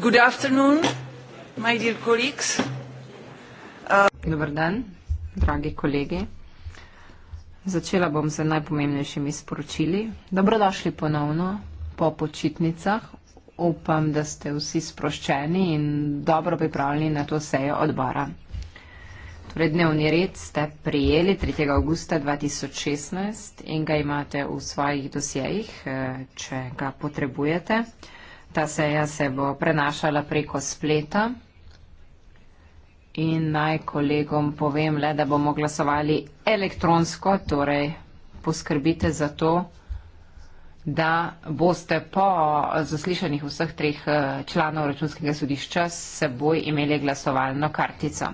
Good afternoon, my dear colleagues. Uh, Dobar dan, dragi kolegi. Začela bom z najpomembnejšimi sporočili. Dobrodošli ponovno po počitnicah. Upam, da ste vsi sproščeni in dobro pripravljeni na to sejo odbora. Torej, dnevni red ste prijeli 3. augusta 2016 in ga imate v svojih dosjejih, eh, če ga potrebujete. Ta seja se bo prenašala preko spleta. In naj kolegom povem le, da bomo glasovali elektronsko, torej poskrbite za to, da boste po zaslišanjih vseh treh eh, članov računskega sodišča s seboj imeli glasovalno kartico.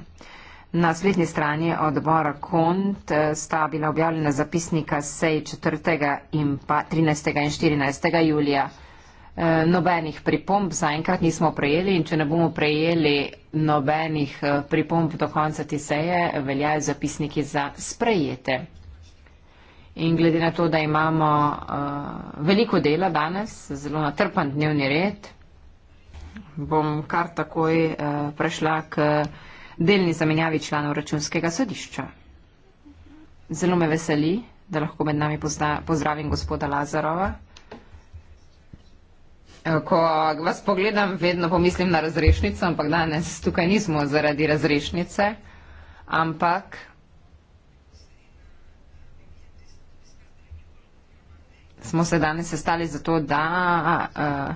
Na slednji strani odbora KONT eh, sta bila objavljena zapisnika sej 4. in pa 13. in 14. julija. Eh, nobenih pripomb zaenkrat nismo prejeli in če ne bomo prejeli nobenih eh, pripomb do konca te seje, veljajo zapisniki za sprejete. In glede na to, da imamo uh, veliko dela danes, zelo natrpan dnevni red, bom kar takoj uh, prešla k delni zamenjavi članov računskega sodišča. Zelo me veseli, da lahko med nami pozdravim gospoda Lazarova. Eh, ko vas pogledam, vedno pomislim na razrešnico, ampak danes tukaj nismo zaradi razrešnice, ampak smo se danes sestali zato, da eh,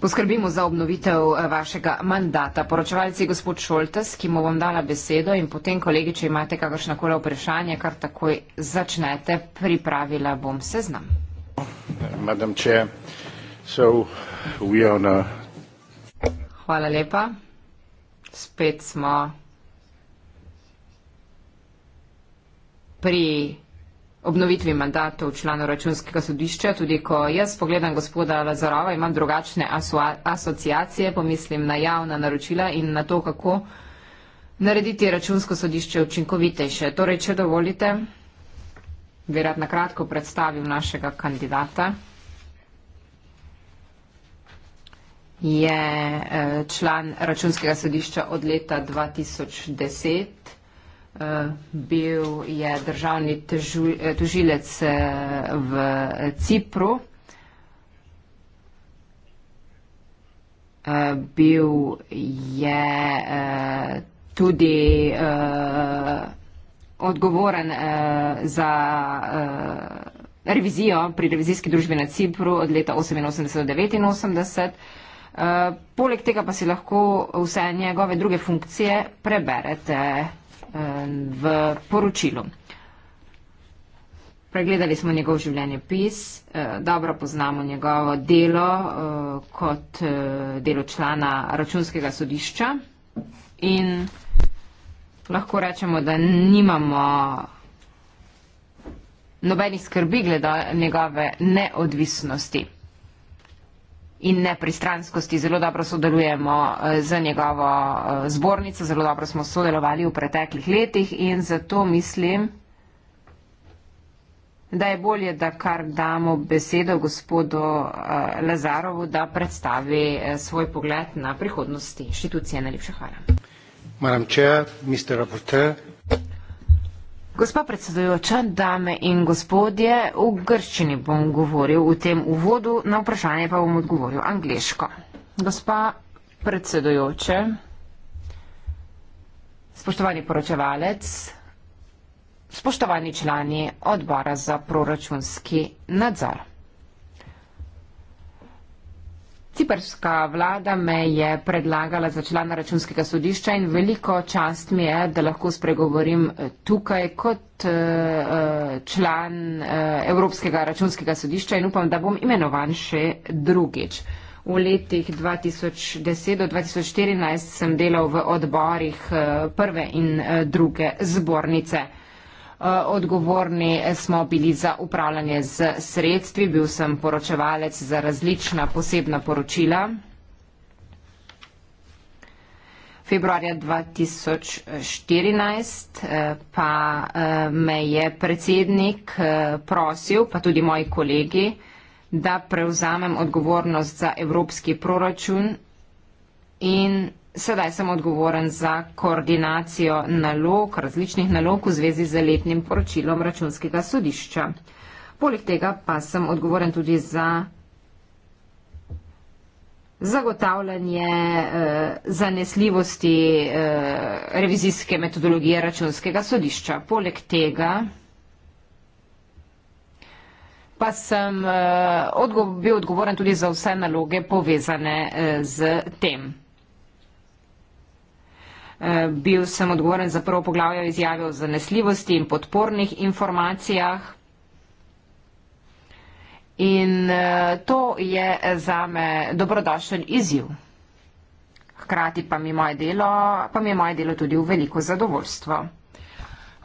poskrbimo za obnovitev eh, vašega mandata. Poročevalci gospod Šoltes, ki mu bom dala besedo in potem kolegi, če imate kakršnakole vprašanje, kar takoj začnete, pripravila bom seznam. Madam Chair, so we are on a... Hvala lepa. Spet smo pri obnovitvi mandatov članov računskega sodišča. Tudi ko jaz pogledam gospoda Lazarova, imam drugačne asociacije, pomislim na javna naročila in na to, kako narediti računsko sodišče učinkovitejše. Torej, če dovolite, bi rad na kratko predstavil našega kandidata. Je eh, član računskega sodišča od leta 2010. Eh, bil je državni eh, tožilec v Cipru. Bil je tudi odgovoren uh, za uh, revizijo pri revizijski družbi na Cipru od leta 1988 do 1989. Uh, eh, poleg tega pa si lahko vse njegove druge funkcije preberete uh, v poročilu. Pregledali smo njegov življenje pis, dobro poznamo njegovo delo kot delo člana računskega sodišča in lahko rečemo, da nimamo nobenih skrbi glede njegove neodvisnosti in nepristranskosti. Zelo dobro sodelujemo eh, z njegovo eh, zbornico, zelo dobro smo sodelovali v preteklih letih in zato mislim, da je bolje, da kar damo besedo gospodu eh, Lazarovu, da predstavi svoj pogled na prihodnosti inštitucije. Najlepša hvala. Gospa predsedujoča, dame in gospodje, v grščini bom govoril v tem uvodu, na vprašanje pa bom odgovoril angliško. Gospa predsedujoče, spoštovani poročevalec, spoštovani člani odbora za proračunski nadzor. Ciperska vlada me je predlagala za člana računskega sodišča in veliko čast mi je, da lahko spregovorim eh, tukaj kot eh, eh, član Evropskega računskega sodišča in upam, da bom imenovan še drugič. V letih 2010 do 2014 sem delal v odborih prve in druge zbornice. Eh, odgovorni smo bili za upravljanje z sredstvi, bil sem poročevalec za različna posebna poročila. Februarja 2014 eh, pa eh, me je predsednik prosil, pa tudi moji kolegi, da prevzamem odgovornost za evropski proračun in sedaj sem odgovoren za koordinacijo nalog, različnih nalog v zvezi z letnim poročilom računskega sodišča. Poleg tega pa sem odgovoren tudi za zagotavljanje eh, zanesljivosti eh, revizijske metodologije računskega sodišča. Poleg tega pa sem eh, odgo bil odgovoren tudi za vse naloge povezane eh, z tem. Eh, bil sem odgovoren za prvo poglavje o izjavi o zanesljivosti in podpornih informacijah. In eh, to je za me dobrodošel izjiv. Hkrati pa mi, delo, pa mi je moje delo tudi v veliko zadovoljstvo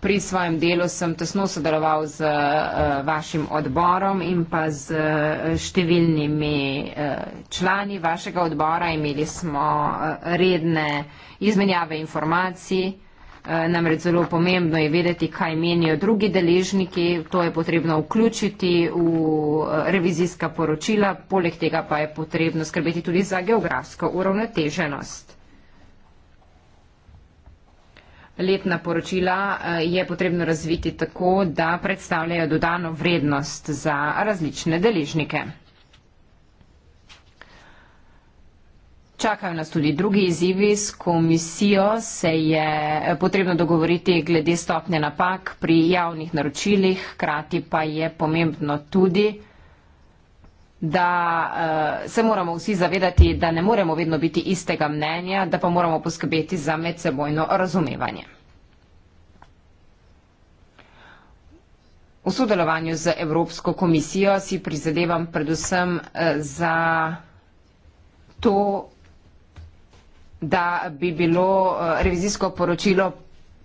pri svojem delu sem tesno sodeloval z uh, vašim odborom in pa z uh, številnimi uh, člani vašega odbora. Imeli smo uh, redne izmenjave informacij. Namreč zelo pomembno je vedeti, kaj menijo drugi deležniki, to je potrebno vključiti v revizijska poročila, poleg tega pa je potrebno skrbeti tudi za geografsko uravnoteženost letna poročila eh, je potrebno razviti tako, da predstavljajo dodano vrednost za različne deležnike. Čakajo nas tudi drugi izzivi. S komisijo se je eh, potrebno dogovoriti glede stopnje napak pri javnih naročilih, krati pa je pomembno tudi, da uh, se moramo vsi zavedati, da ne moremo vedno biti istega mnenja, da pa moramo poskrbeti za medsebojno razumevanje. V sodelovanju z Evropsko komisijo si prizadevam predvsem eh, za to, da bi bilo eh, revizijsko poročilo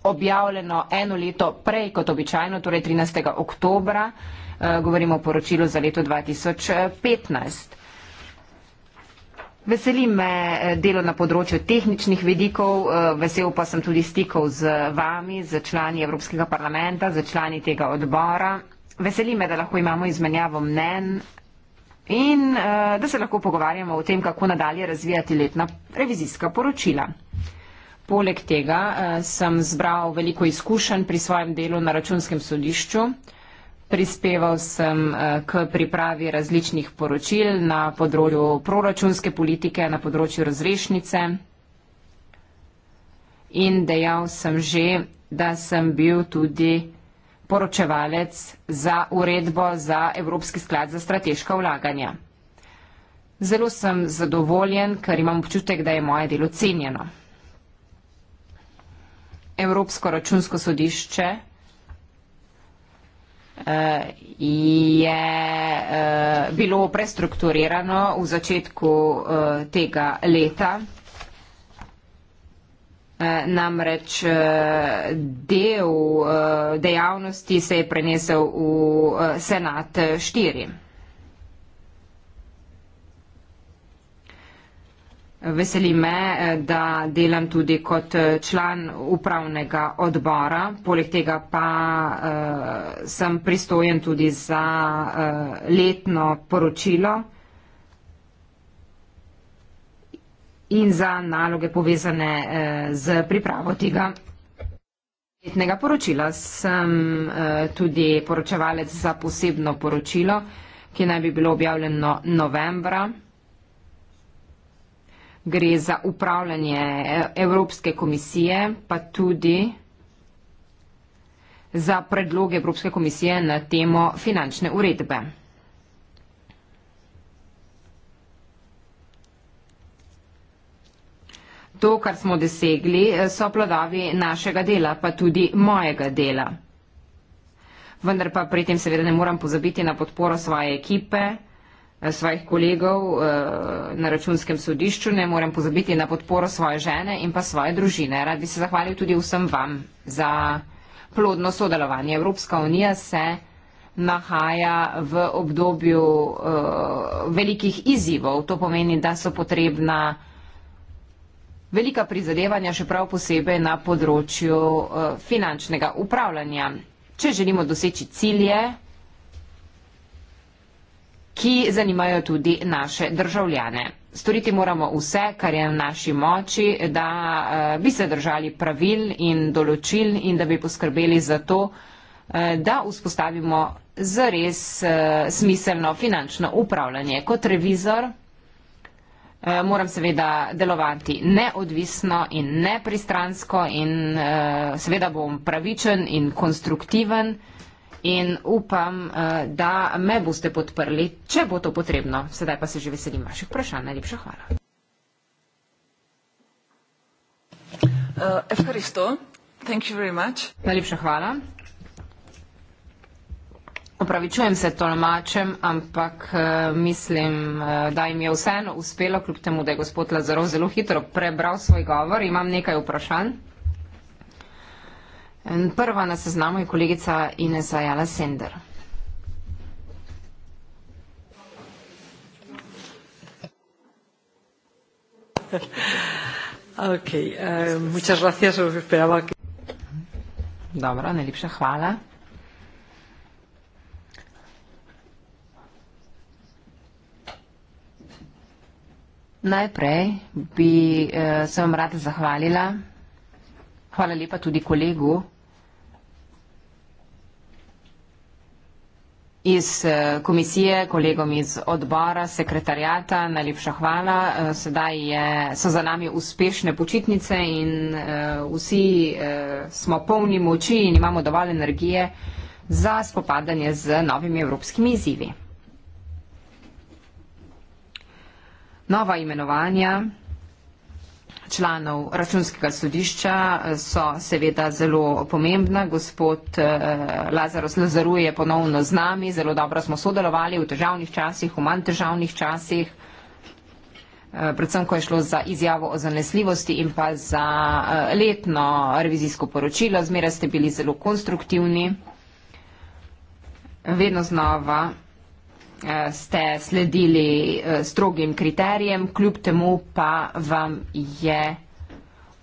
objavljeno eno leto prej kot običajno, torej 13. oktobra. Eh, govorimo o poročilu za leto 2015. Veseli me eh, delo na področju tehničnih vedikov, eh, vesel pa sem tudi stikov z vami, z člani Evropskega parlamenta, z člani tega odbora. Veseli me, da lahko imamo izmenjavo mnen in da se lahko pogovarjamo o tem, kako nadalje razvijati letna revizijska poročila. Poleg tega sem zbral veliko izkušenj pri svojem delu na računskem sodišču. Prispeval sem eh, k pripravi različnih poročil na področju proračunske politike, na področju razrešnice in dejal sem že, da sem bil tudi poročevalec za uredbo za Evropski sklad za strateška vlaganja. Zelo sem zadovoljen, ker imam občutek, da je moje delo cenjeno. Evropsko računsko sodišče Eh, je eh, bilo prestrukturirano v začetku eh, tega leta. Namreč del dejavnosti se je prenesel v Senat 4. Veseli me, eh, da delam tudi kot eh, član upravnega odbora, poleg tega pa uh, sem pristojen tudi za uh, letno poročilo in za naloge povezane uh, z pripravo tega letnega poročila. Sem uh, tudi poročevalec za posebno poročilo, ki naj bi bilo objavljeno novembra gre za upravljanje e, Evropske komisije, pa tudi za predloge Evropske komisije na temo finančne uredbe. To, kar smo dosegli, e, so plodavi našega dela, pa tudi mojega dela. Vendar pa pri tem seveda ne moram pozabiti na podporo svoje ekipe, Eh, svojih kolegov eh, na računskem sodišču, ne morem pozabiti na podporo svoje žene in pa svoje družine. Rad bi se zahvalil tudi vsem vam za plodno sodelovanje. Evropska unija se nahaja v obdobju eh, velikih izzivov. To pomeni, da so potrebna velika prizadevanja, še prav posebej na področju finančnega upravljanja. Če želimo doseči cilje, ki zanimajo tudi naše državljane. Storiti moramo vse, kar je v naši moči, da eh, bi se držali pravil in določil in da bi poskrbeli za to, eh, da vzpostavimo zares eh, smiselno finančno upravljanje. Kot revizor moram seveda delovati neodvisno in nepristransko in seveda bom pravičen in konstruktiven in upam, eh, da me boste podprli, če bo to potrebno. Sedaj pa se že veselim vaših vprašanj. Najlepša hvala. Uh, eh, Efkaristo, thank you very much. Najlepša hvala. Opravičujem se tolmačem, ampak uh, mislim, uh, da jim je vseeno uspelo, kljub temu, da je gospod Lazarov zelo hitro prebral svoj govor. Imam nekaj vprašanj. Prva na seznamu je kolegica Ines Ajala Sender. Ok, eh, muchas gracias, os esperaba que... Dobro, najlepša hvala. Najprej bi eh, se vam rada zahvalila. Hvala lepa tudi kolegu, iz eh, komisije, kolegom iz odbora, sekretarjata, najlepša hvala. Eh, sedaj je, so za nami uspešne počitnice in eh, vsi smo polni moči in imamo dovolj energije za spopadanje z novimi evropskimi izzivi. Nova imenovanja članov računskega sodišča eh, so seveda zelo pomembna. Gospod eh, Lazarus Lazaru je ponovno z nami, zelo dobro smo sodelovali v težavnih časih, v manj težavnih časih, eh, predvsem ko je šlo za izjavo o zanesljivosti in pa za letno revizijsko poročilo. Zmeraj ste bili zelo konstruktivni. Vedno znova Eh, ste sledili eh, strogim kriterijem, kljub temu pa vam je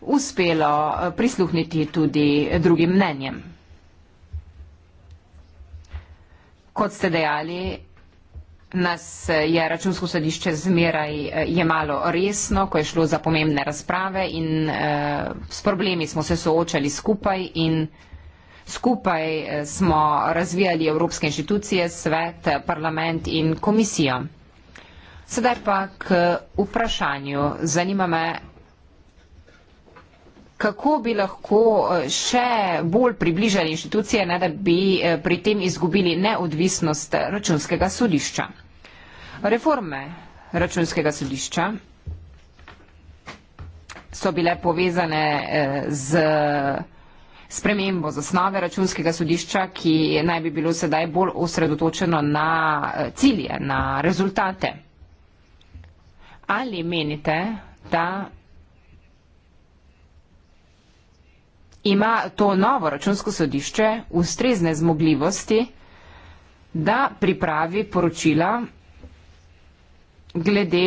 uspelo eh, prisluhniti tudi drugim mnenjem. Kot ste dejali, nas je računsko sodišče zmeraj jemalo resno, ko je šlo za pomembne razprave in s problemi smo se soočali skupaj in vsega. Skupaj eh, smo razvijali evropske inštitucije, svet, eh, parlament in komisijo. Sedaj pa k vprašanju. Zanima me, kako bi lahko eh, še bolj približali inštitucije, ne da bi pri tem izgubili neodvisnost računskega sodišča. Reforme računskega sodišča so bile povezane z računskega sodišča spremembo zasnove računskega sodišča, ki naj bi bilo sedaj bolj osredotočeno na eh, cilje, na rezultate. Ali menite, da ima to novo računsko sodišče ustrezne zmogljivosti, da pripravi poročila glede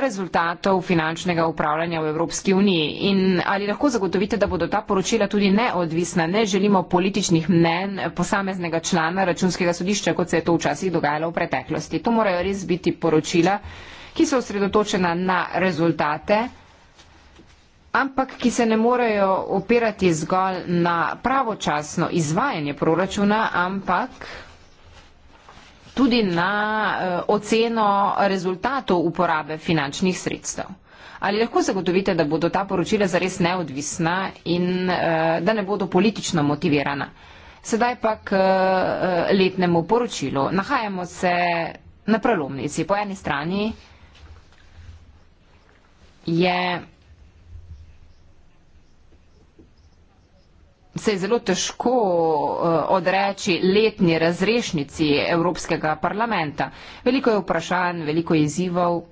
rezultatov finančnega upravljanja v Evropski uniji in ali lahko zagotovite, da bodo ta poročila tudi neodvisna, ne želimo političnih mnen posameznega člana računskega sodišča, kot se je to včasih dogajalo v preteklosti. To morajo res biti poročila, ki so osredotočena na rezultate, ampak ki se ne morejo opirati zgolj na pravočasno izvajanje proračuna, ampak tudi na uh, oceno rezultatov uporabe finančnih sredstev. Ali lahko zagotovite, da bodo ta poročila zares neodvisna in uh, da ne bodo politično motivirana? Sedaj pa k uh, letnemu poročilu. Nahajamo se na prelomnici. Po eni strani je. se je zelo težko eh, odreči letni razrešnici Evropskega parlamenta. Veliko je vprašanj, veliko je izzivov.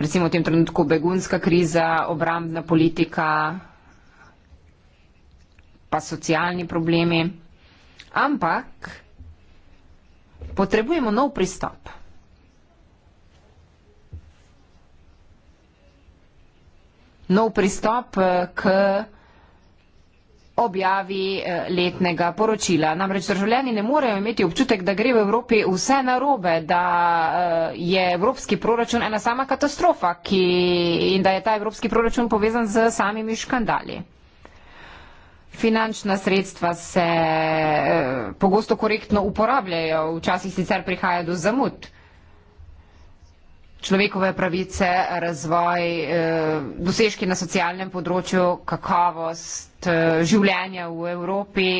Recimo v tem trenutku begunska kriza, obrambna politika, pa socialni problemi. Ampak potrebujemo nov pristop. nov pristop eh, k objavi eh, letnega poročila. Namreč državljani ne morejo imeti občutek, da gre v Evropi vse narobe, da eh, je evropski proračun ena sama katastrofa ki, in da je ta evropski proračun povezan z samimi škandali. Finančna sredstva se eh, pogosto korektno uporabljajo, včasih sicer prihaja do zamud. Eh, človekove pravice, razvoj, eh, dosežki na socialnem področju, kakovost eh, življenja v Evropi.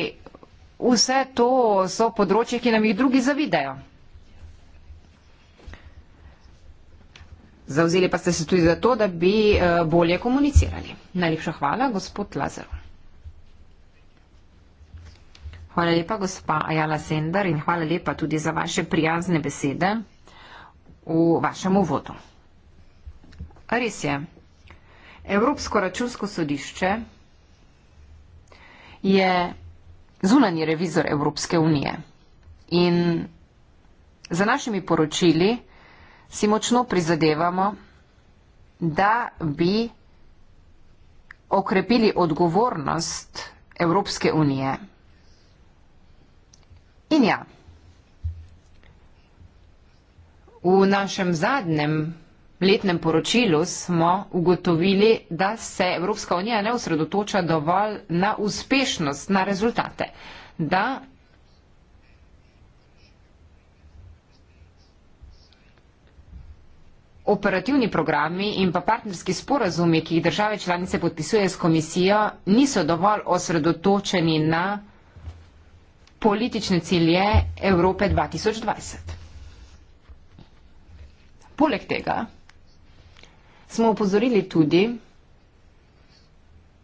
Vse to so področje, ki nam jih drugi zavidajo. Zauzeli pa ste se tudi za to, da bi eh, bolje komunicirali. Najlepša hvala, gospod Lazar. Hvala lepa, gospa Ajala Sender, in hvala lepa tudi za vaše prijazne besede v vašem uvodu. Res je, Evropsko računsko sodišče je zunanji revizor Evropske unije in za našimi poročili si močno prizadevamo, da bi okrepili odgovornost Evropske unije. In ja, V našem zadnjem letnem poročilu smo ugotovili, da se Evropska unija ne osredotoča dovolj na uspešnost, na rezultate, da operativni programi in pa partnerski sporazumi, ki jih države članice podpisuje s komisijo, niso dovolj osredotočeni na politične cilje Evrope 2020. Poleg tega smo upozorili tudi,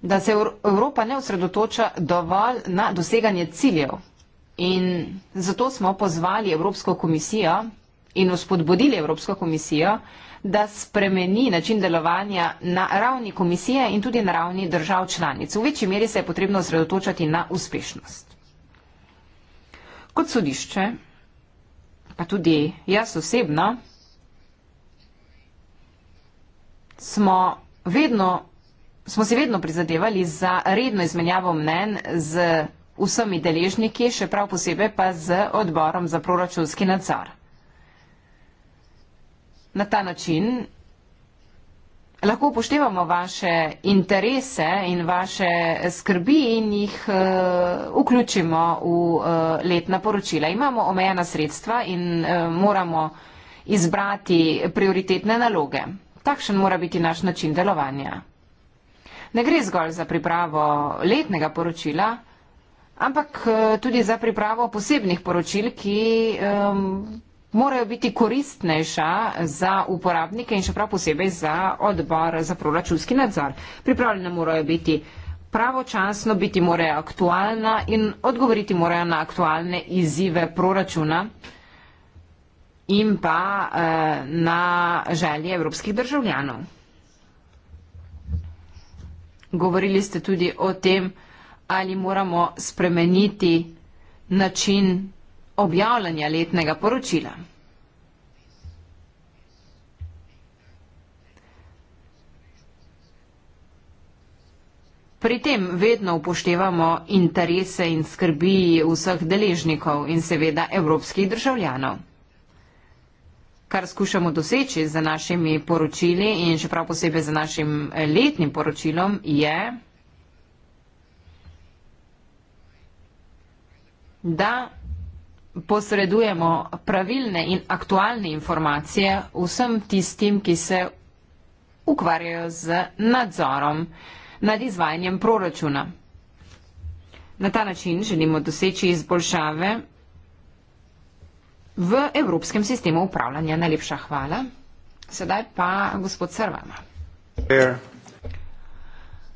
da se Evropa ne osredotoča dovolj na doseganje ciljev in zato smo pozvali Evropsko komisijo in uspodbudili Evropsko komisijo, da spremeni način delovanja na ravni komisije in tudi na ravni držav članic. V večji meri se je potrebno osredotočati na uspešnost. Kot sodišče, pa tudi jaz osebno, smo vedno, smo si vedno prizadevali za redno izmenjavo mnen z vsemi deležniki, še prav posebej pa z odborom za proračunski nadzor. Na ta način lahko upoštevamo vaše interese in vaše skrbi in jih uh, vključimo v uh, letna poročila. Imamo omejena sredstva in uh, moramo izbrati prioritetne naloge takšen mora biti naš način delovanja. Ne gre zgolj za pripravo letnega poročila, ampak eh, tudi za pripravo posebnih poročil, ki um, morajo biti koristnejša za uporabnike in še prav posebej za odbor za proračunski nadzor. Pripravljene morajo biti pravočasno, biti morajo aktualna in odgovoriti morajo na aktualne izzive proračuna in pa uh, na želje evropskih državljanov. Govorili ste tudi o tem, ali moramo spremeniti način objavljanja letnega poročila. Pri tem vedno upoštevamo interese in skrbi vseh deležnikov in seveda evropskih državljanov kar skušamo doseči z našimi poročili in še prav posebej z našim eh, letnim poročilom, je, da posredujemo pravilne in aktualne informacije vsem tistim, ki se ukvarjajo z nadzorom nad izvajanjem proračuna. Na ta način želimo doseči izboljšave v Evropskem sistemu upravljanja. Najlepša hvala. Sedaj pa gospod Srvama.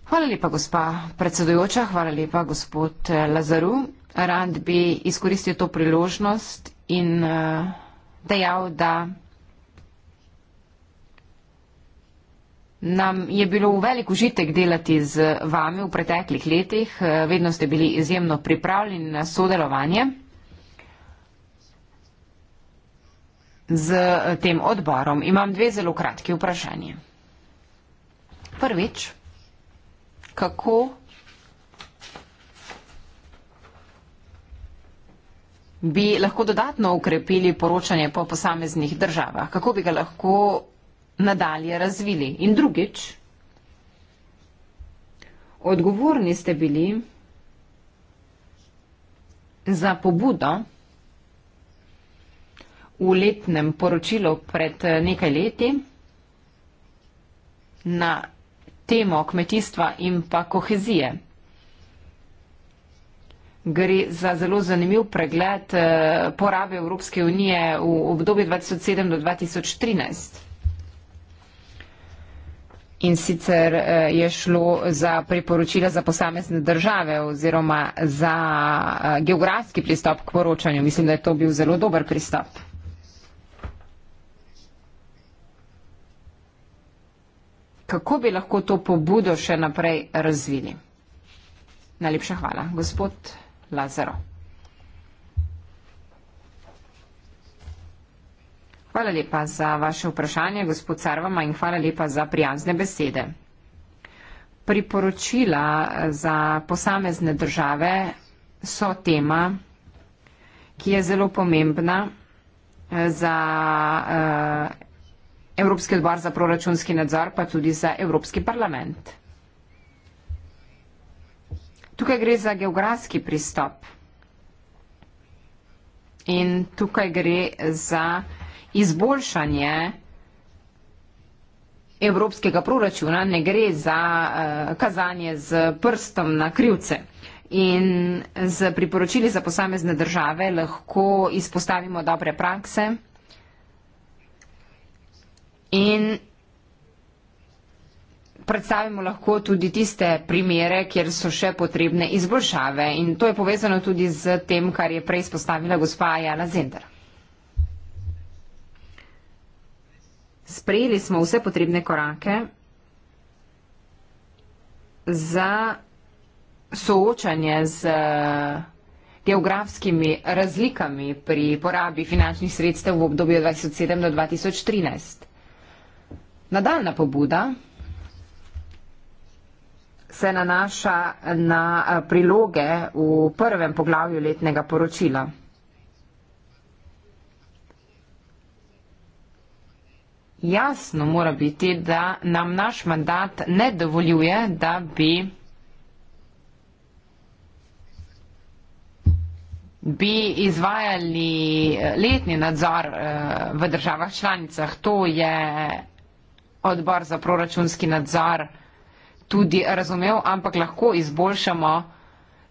Hvala lepa, gospa predsedujoča, hvala lepa, gospod Lazaru. Rad bi izkoristil to priložnost in uh, dejal, da nam je bilo v velik užitek delati z vami v preteklih letih. Eh, vedno ste bili izjemno pripravljeni na sodelovanje. z eh, tem odborom, imam dve zelo kratki vprašanje. Prvič, kako bi lahko dodatno ukrepili poročanje po posameznih državah, kako bi ga lahko nadalje razvili. In drugič, odgovorni ste bili za pobudo, v letnem poročilu pred eh, nekaj leti na temo kmetijstva in pa kohezije. Gre za zelo zanimiv pregled eh, porabe Evropske unije v obdobju 2007 do 2013. In sicer eh, je šlo za priporočila za posamezne države oziroma za geografski pristop k poročanju. Mislim, da je to bil zelo dober pristop. kako bi lahko to pobudo še naprej razvili. Najlepša hvala, gospod Lazaro. Hvala lepa za vaše vprašanje, gospod Carvama, in hvala lepa za prijazne besede. Priporočila za posamezne države so tema, ki je zelo pomembna eh, za eh, Evropski odbor za proračunski nadzor pa tudi za Evropski parlament. Tukaj gre za geografski pristop in tukaj gre za izboljšanje evropskega proračuna, ne gre za uh, kazanje z prstom na krivce. In z priporočili za posamezne države lahko izpostavimo dobre prakse In predstavimo lahko tudi tiste primere, kjer so še potrebne izboljšave. In to je povezano tudi z tem, kar je prej spostavila gospa Jana Zender. Sprejeli smo vse potrebne korake za soočanje z geografskimi razlikami pri porabi finančnih sredstev v obdobju 2007 do 2013. Nadaljna pobuda se nanaša na eh, priloge v prvem poglavju letnega poročila. Jasno mora biti, da nam naš mandat ne dovoljuje, da bi bi izvajali eh, letni nadzor eh, v državah članicah. To je odbor za proračunski nadzor tudi razumel, ampak lahko izboljšamo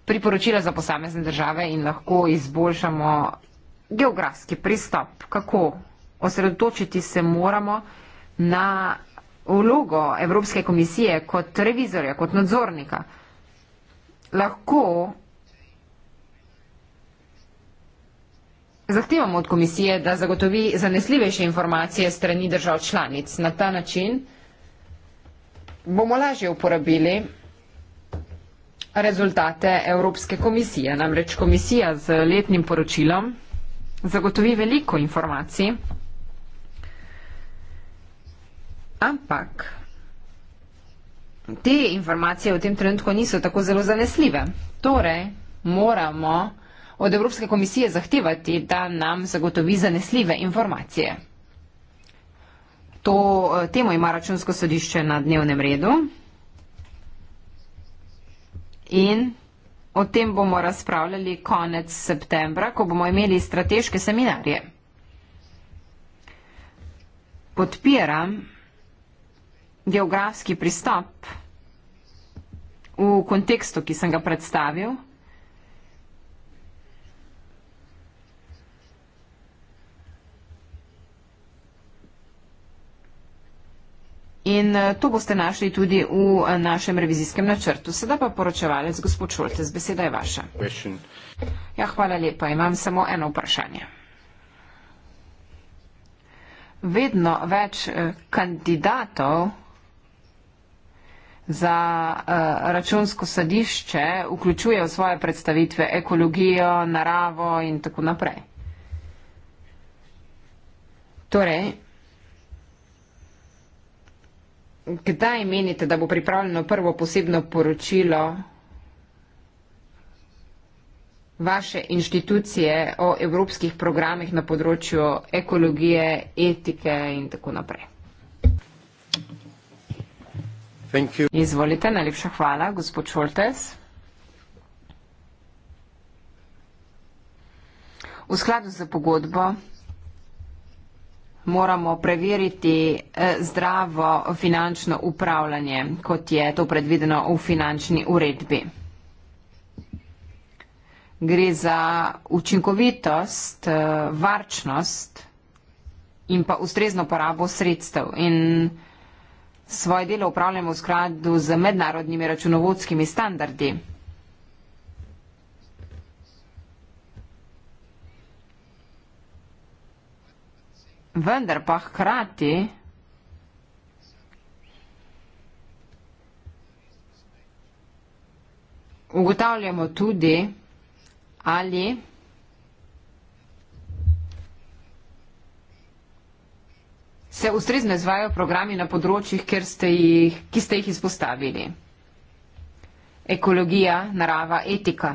priporočila za posamezne države in lahko izboljšamo geografski pristop, kako osredotočiti se moramo na vlogo Evropske komisije kot revizorja, kot nadzornika. Lahko Zahtevamo od komisije, da zagotovi zanesljivejše informacije strani držav članic. Na ta način bomo lažje uporabili rezultate Evropske komisije. Namreč komisija z letnim poročilom zagotovi veliko informacij, ampak te informacije v tem trenutku niso tako zelo zanesljive. Torej, moramo vsega, od Evropske komisije zahtevati, da nam zagotovi zanesljive informacije. To eh, temo ima računsko sodišče na dnevnem redu in o tem bomo razpravljali konec septembra, ko bomo imeli strateške seminarje. Podpiram geografski pristop v kontekstu, ki sem ga predstavil. In eh, to boste našli tudi v eh, našem revizijskem načrtu. Sedaj pa poročevalec, gospod Šoltes, beseda je vaša. Ja, hvala lepa, imam samo eno vprašanje. Vedno več eh, kandidatov za računsko sodišče vključuje v svoje predstavitve ekologijo, naravo in tako naprej. Torej, Kdaj menite, da bo pripravljeno prvo posebno poročilo vaše inštitucije o evropskih programih na področju ekologije, etike in tako naprej? Izvolite, najlepša hvala, gospod Šoltes. V skladu z pogodbo moramo preveriti eh, zdravo finančno upravljanje, kot je to predvideno v finančni uredbi. Gre za učinkovitost, eh, varčnost in pa ustrezno porabo sredstev in svoje delo upravljamo v skladu z mednarodnimi računovodskimi standardi. vendar pa hkrati ugotavljamo tudi, ali se ustrezno izvajo programi na področjih, ste jih, ki ste jih izpostavili. Ekologija, narava, etika.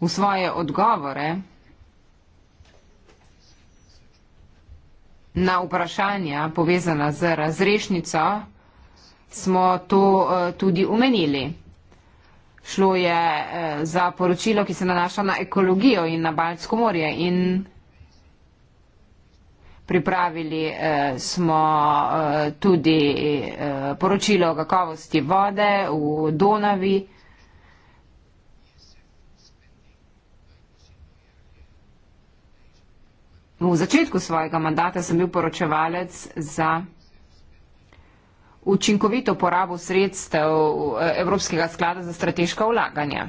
V svoje odgovore Na vprašanja povezana z razrešnico smo to eh, tudi umenili. Šlo je eh, za poročilo, ki se nanaša na ekologijo in na Baljsko morje in pripravili eh, smo tudi poročilo o kakovosti vode v Donavi. v začetku svojega mandata sem bil poročevalec za učinkovito porabo sredstev eh, Evropskega sklada za strateška vlaganja.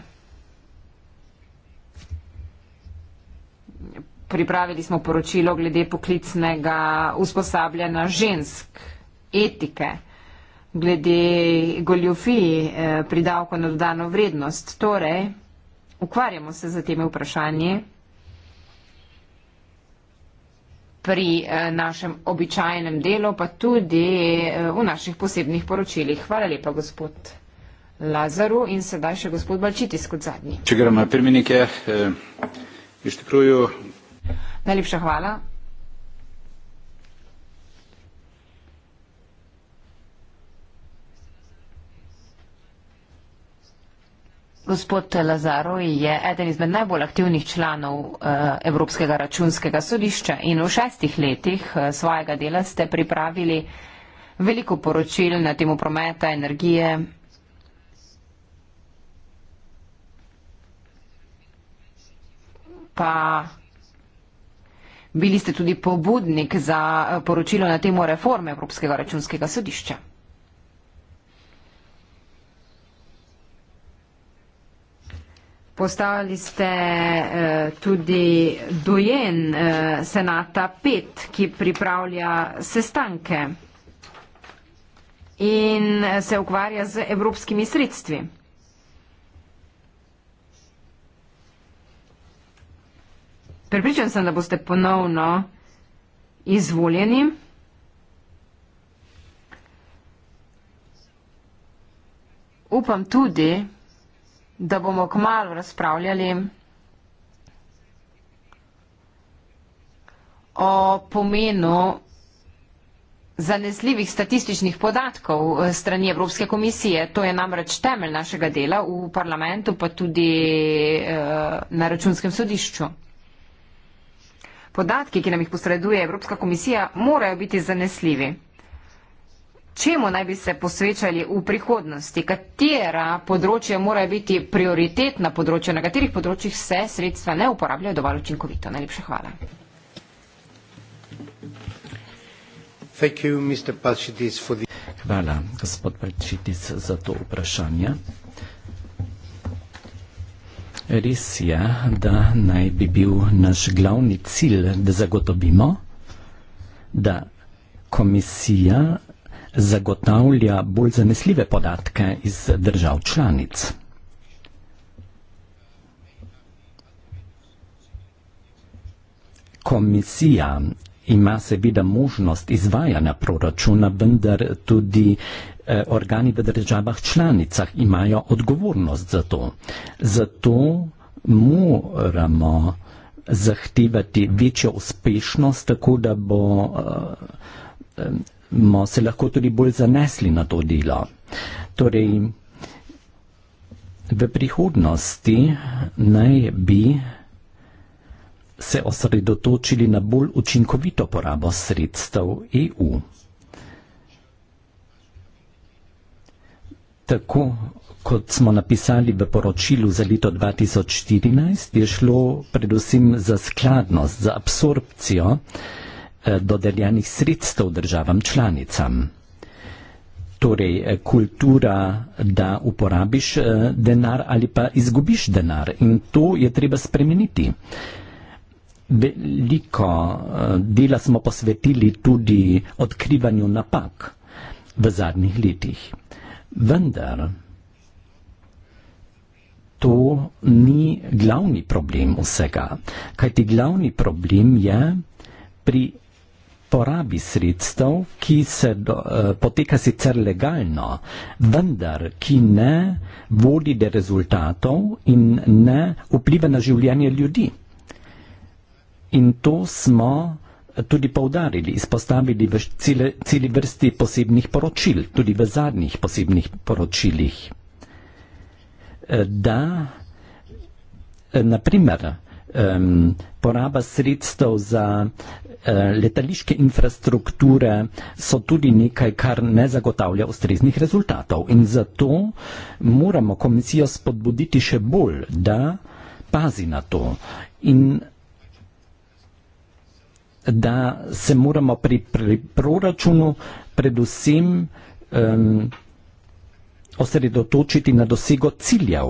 Pripravili smo poročilo glede poklicnega usposabljanja žensk, etike, glede goljofiji eh, pridavko na dodano vrednost. Torej, ukvarjamo se za temi vprašanji pri eh, našem običajnem delu, pa tudi eh, v naših posebnih poročilih. Hvala lepa, gospod Lazaru in sedaj še gospod Balčitis kot zadnji. Če gremo na pirminike, eh, iz tikruju. Najlepša hvala. Gospod Lazaro je eden izmed najbolj aktivnih članov eh, Evropskega računskega sodišča in v šestih letih eh, svojega dela ste pripravili veliko poročil na temo prometa, energije. Pa bili ste tudi pobudnik za eh, poročilo na temo reforme Evropskega računskega sodišča. postavili ste eh, tudi dojen eh, senata 5, ki pripravlja sestanke in se ukvarja z evropskimi sredstvi. Pripričan sem, da boste ponovno izvoljeni. Upam tudi, da boste ponovno izvoljeni da bomo kmalo razpravljali o pomenu zanesljivih statističnih podatkov eh, strani Evropske komisije. To je namreč temelj našega dela v parlamentu, pa tudi eh, na računskem sodišču. Podatki, ki nam jih posreduje Evropska komisija, morajo biti zanesljivi čemu naj bi se posvečali v prihodnosti, katera področja morajo biti prioritetna področja, na katerih področjih se sredstva ne uporabljajo dovolj učinkovito. Najlepša hvala. Hvala, gospod Palčitis, za to vprašanje. Res je, da naj bi bil naš glavni cilj, da zagotovimo, da komisija zagotavlja bolj zanesljive podatke iz držav članic. Komisija ima seveda možnost izvajanja proračuna, vendar tudi eh, organi v državah članicah imajo odgovornost za to. Zato moramo zahtevati večjo uspešnost, tako da bo eh, bomo se lahko tudi bolj zanesli na to delo. Torej, v prihodnosti naj bi se osredotočili na bolj učinkovito porabo sredstev EU. Tako kot smo napisali v poročilu za leto 2014, je šlo predvsem za skladnost, za absorpcijo Eh, dodeljenih sredstev državam članicam. Torej, eh, kultura, da uporabiš eh, denar ali pa izgubiš denar in to je treba spremeniti. Veliko dela smo posvetili tudi odkrivanju napak v zadnjih letih. Vendar, to ni glavni problem vsega. Kajti glavni problem je pri porabi sredstev, ki se do, eh, poteka sicer legalno, vendar ki ne vodi do rezultatov in ne vpliva na življenje ljudi. In to smo tudi poudarili, izpostavili v celi vrsti posebnih poročil, tudi v zadnjih posebnih poročilih. Eh, da, eh, naprimer, um, poraba sredstev za Eh, letališke infrastrukture so tudi nekaj, kar ne zagotavlja ustreznih rezultatov. In zato moramo komisijo spodbuditi še bolj, da pazi na to in da se moramo pri, pri proračunu predvsem um, osredotočiti na dosego ciljev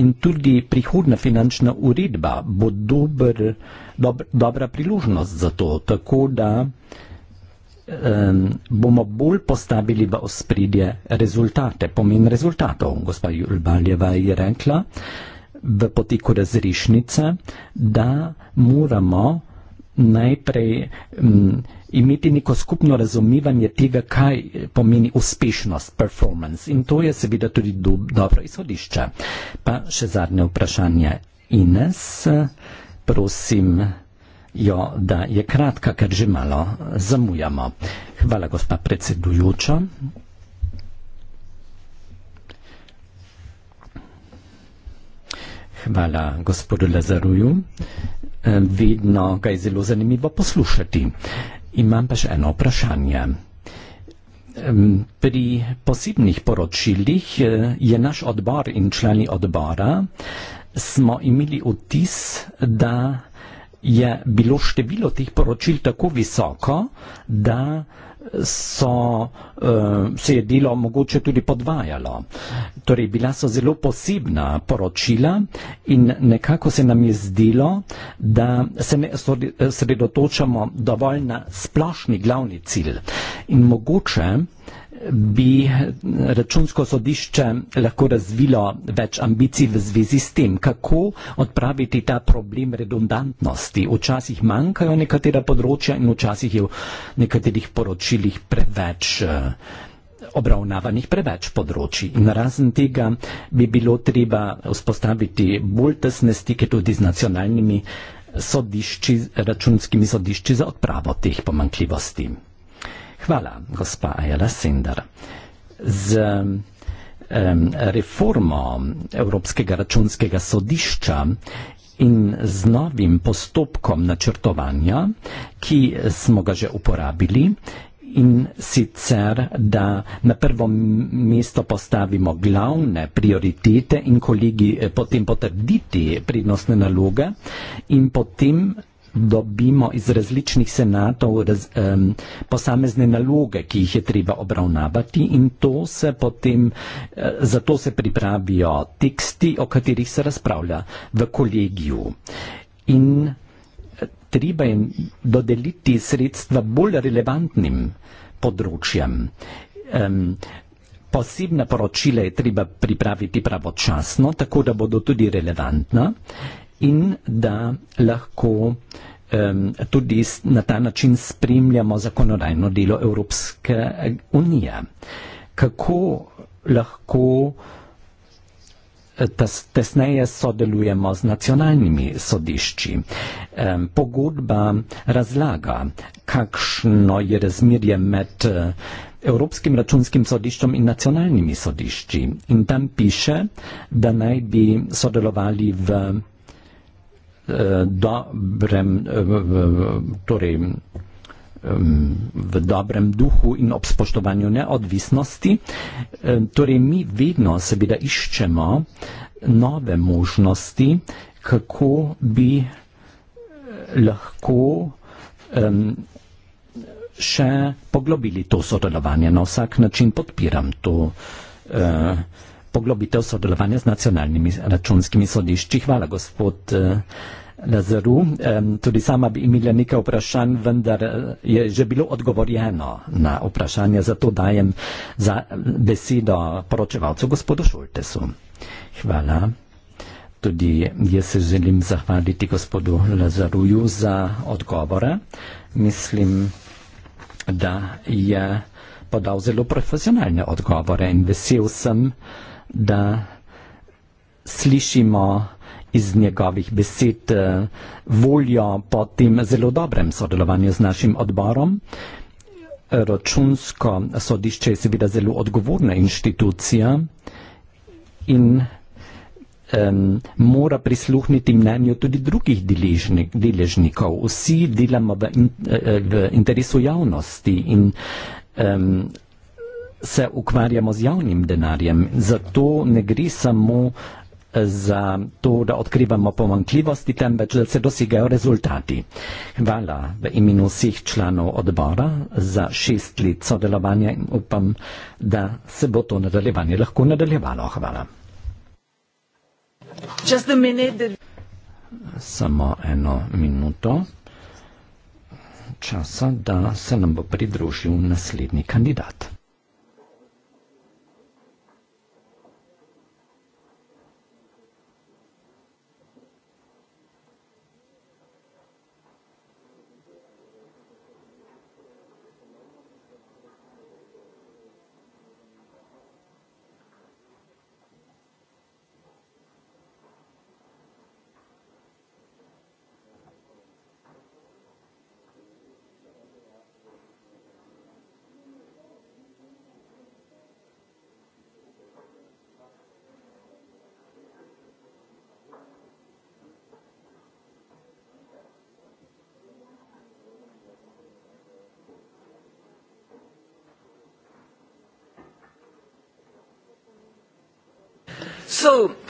in tudi prihodna finančna uredba bo dober, dob, dobra priložnost za to, tako da um, bomo bolj postavili v ospredje rezultate, pomen rezultatov. Gospa Julbaljeva je rekla v poteku razrešnice, da moramo najprej um, imeti neko skupno razumevanje tega, kaj eh, pomeni uspešnost, performance. In to je seveda tudi do, dobro izhodišče. Pa še zadnje vprašanje Ines. Prosim jo, da je kratka, ker že malo eh, zamujamo. Hvala, gospa predsedujoča. Hvala gospodu Lazaruju. Eh, vedno ga je zelo zanimivo poslušati. Imam pa še eno vprašanje. Pri posebnih poročilih eh, je naš odbor in člani odbora smo imeli vtis, da je bilo število teh poročil tako visoko, da so uh, se je delo mogoče tudi podvajalo. Torej, bila so zelo posebna poročila in nekako se nam je zdelo, da se ne sredotočamo dovolj na splošni glavni cilj. In mogoče uh, bi računsko sodišče lahko razvilo več ambicij v zvezi s tem, kako odpraviti ta problem redundantnosti. Včasih manjkajo nekatera področja in včasih je v nekaterih poročilih preveč eh, obravnavanih preveč področji. In razen tega bi bilo treba vzpostaviti bolj tesne stike tudi z nacionalnimi sodišči, računskimi sodišči za odpravo teh pomankljivosti. Hvala, gospa Ajala Sender. Z um, reformo Evropskega računskega sodišča in z novim postopkom načrtovanja, ki smo ga že uporabili, in sicer, da na prvo mesto postavimo glavne prioritete in kolegi eh, potem potrditi prednostne naloge in potem dobimo iz različnih senatov raz, um, posamezne naloge, ki jih je treba obravnavati in to se potem, uh, eh, zato se pripravijo teksti, o katerih se razpravlja v kolegiju. In eh, treba jim dodeliti sredstva bolj relevantnim področjem. Um, posebna poročila je treba pripraviti pravočasno, tako da bodo tudi relevantna in da lahko um, tudi na ta način spremljamo zakonodajno delo Evropske unije. Kako lahko eh, tes, tesneje sodelujemo z nacionalnimi sodišči? Um, pogodba razlaga, kakšno je razmerje med eh, Evropskim računskim sodiščem in nacionalnimi sodišči. In tam piše, da naj bi sodelovali v dobrem, torej v dobrem duhu in ob spoštovanju neodvisnosti. Torej mi vedno seveda iščemo nove možnosti, kako bi eh, lahko še poglobili to sodelovanje. Na vsak način podpiram to. Eh, poglobitev sodelovanja z nacionalnimi računskimi sodišči. Hvala, gospod eh, Lazaru. Tudi sama bi imela nekaj vprašanj, vendar eh, je že bilo odgovorjeno na vprašanje, zato dajem za besedo poročevalcu gospodu Šultesu. Hvala. Tudi jaz se želim zahvaliti gospodu Lazaruju za odgovore. Mislim, da je podal zelo profesionalne odgovore in vesel sem, da slišimo iz njegovih besed eh, voljo po tem zelo dobrem sodelovanju z našim odborom. Računsko sodišče je seveda zelo odgovorna inštitucija in um, mora prisluhniti mnenju tudi drugih deležnik, deležnikov. Vsi delamo v, in, eh, v interesu javnosti in um, se ukvarjamo z javnim denarjem, zato ne gre samo eh, za to, da odkrivamo pomankljivosti, temveč da se dosegajo rezultati. Hvala v imenu vseh članov odbora za šest let sodelovanja in upam, da se bo to nadaljevanje lahko nadaljevalo. Hvala. Just a minute. Samo eno minuto časa, da se nam bo pridružil naslednji kandidat.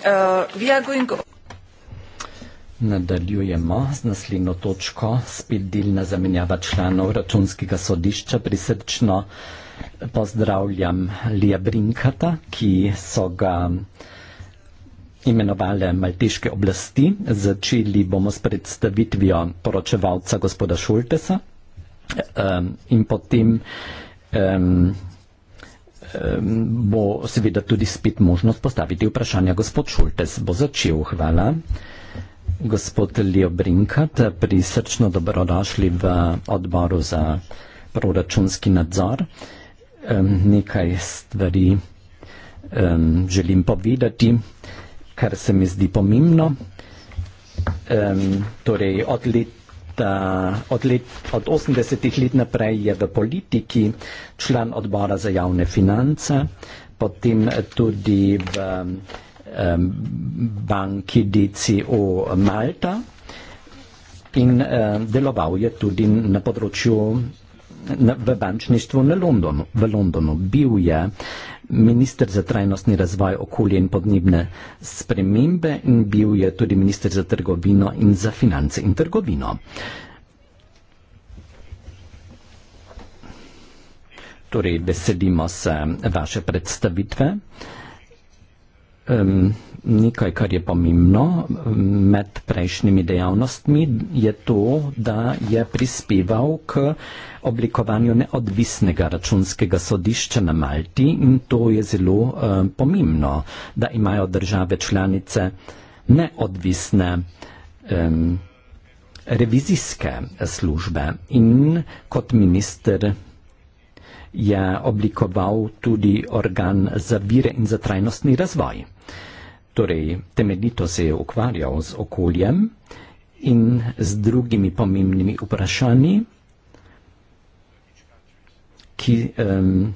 Uh, Nadaljujemo z naslednjo točko, spet delna zamenjava članov računskega sodišča. Prisrčno pozdravljam Lija Brinkata, ki so ga imenovale malteške oblasti. Začeli bomo s predstavitvijo poročevalca gospoda Šultesa um, in potem um, bo seveda tudi spet možnost postaviti vprašanja. Gospod Šultes bo začel. Hvala. Gospod Leo Brinkat, prisrčno dobrodošli v odboru za proračunski nadzor. Um, nekaj stvari um, želim povedati, kar se mi zdi pomembno. Um, torej od leta da eh, od, let, od 80. let naprej je v politiki član odbora za javne finance, potem tudi v um, banki DCO Malta in um, deloval je tudi na področju na, v bančništvu na Londonu, v Londonu. Bil je uh, minister za trajnostni razvoj, okolje in podnebne spremembe in bil je tudi minister za trgovino in za finance in trgovino. Torej, veselimo se vaše predstavitve. Um, nekaj, kar je pomembno med prejšnjimi dejavnostmi, je to, da je prispeval k oblikovanju neodvisnega računskega sodišča na Malti in to je zelo um, pomembno, da imajo države članice neodvisne um, revizijske službe in kot minister je oblikoval tudi organ za vire in za trajnostni razvoj torej temeljito se je ukvarjal z okoljem in z drugimi pomembnimi vprašanji, ki um,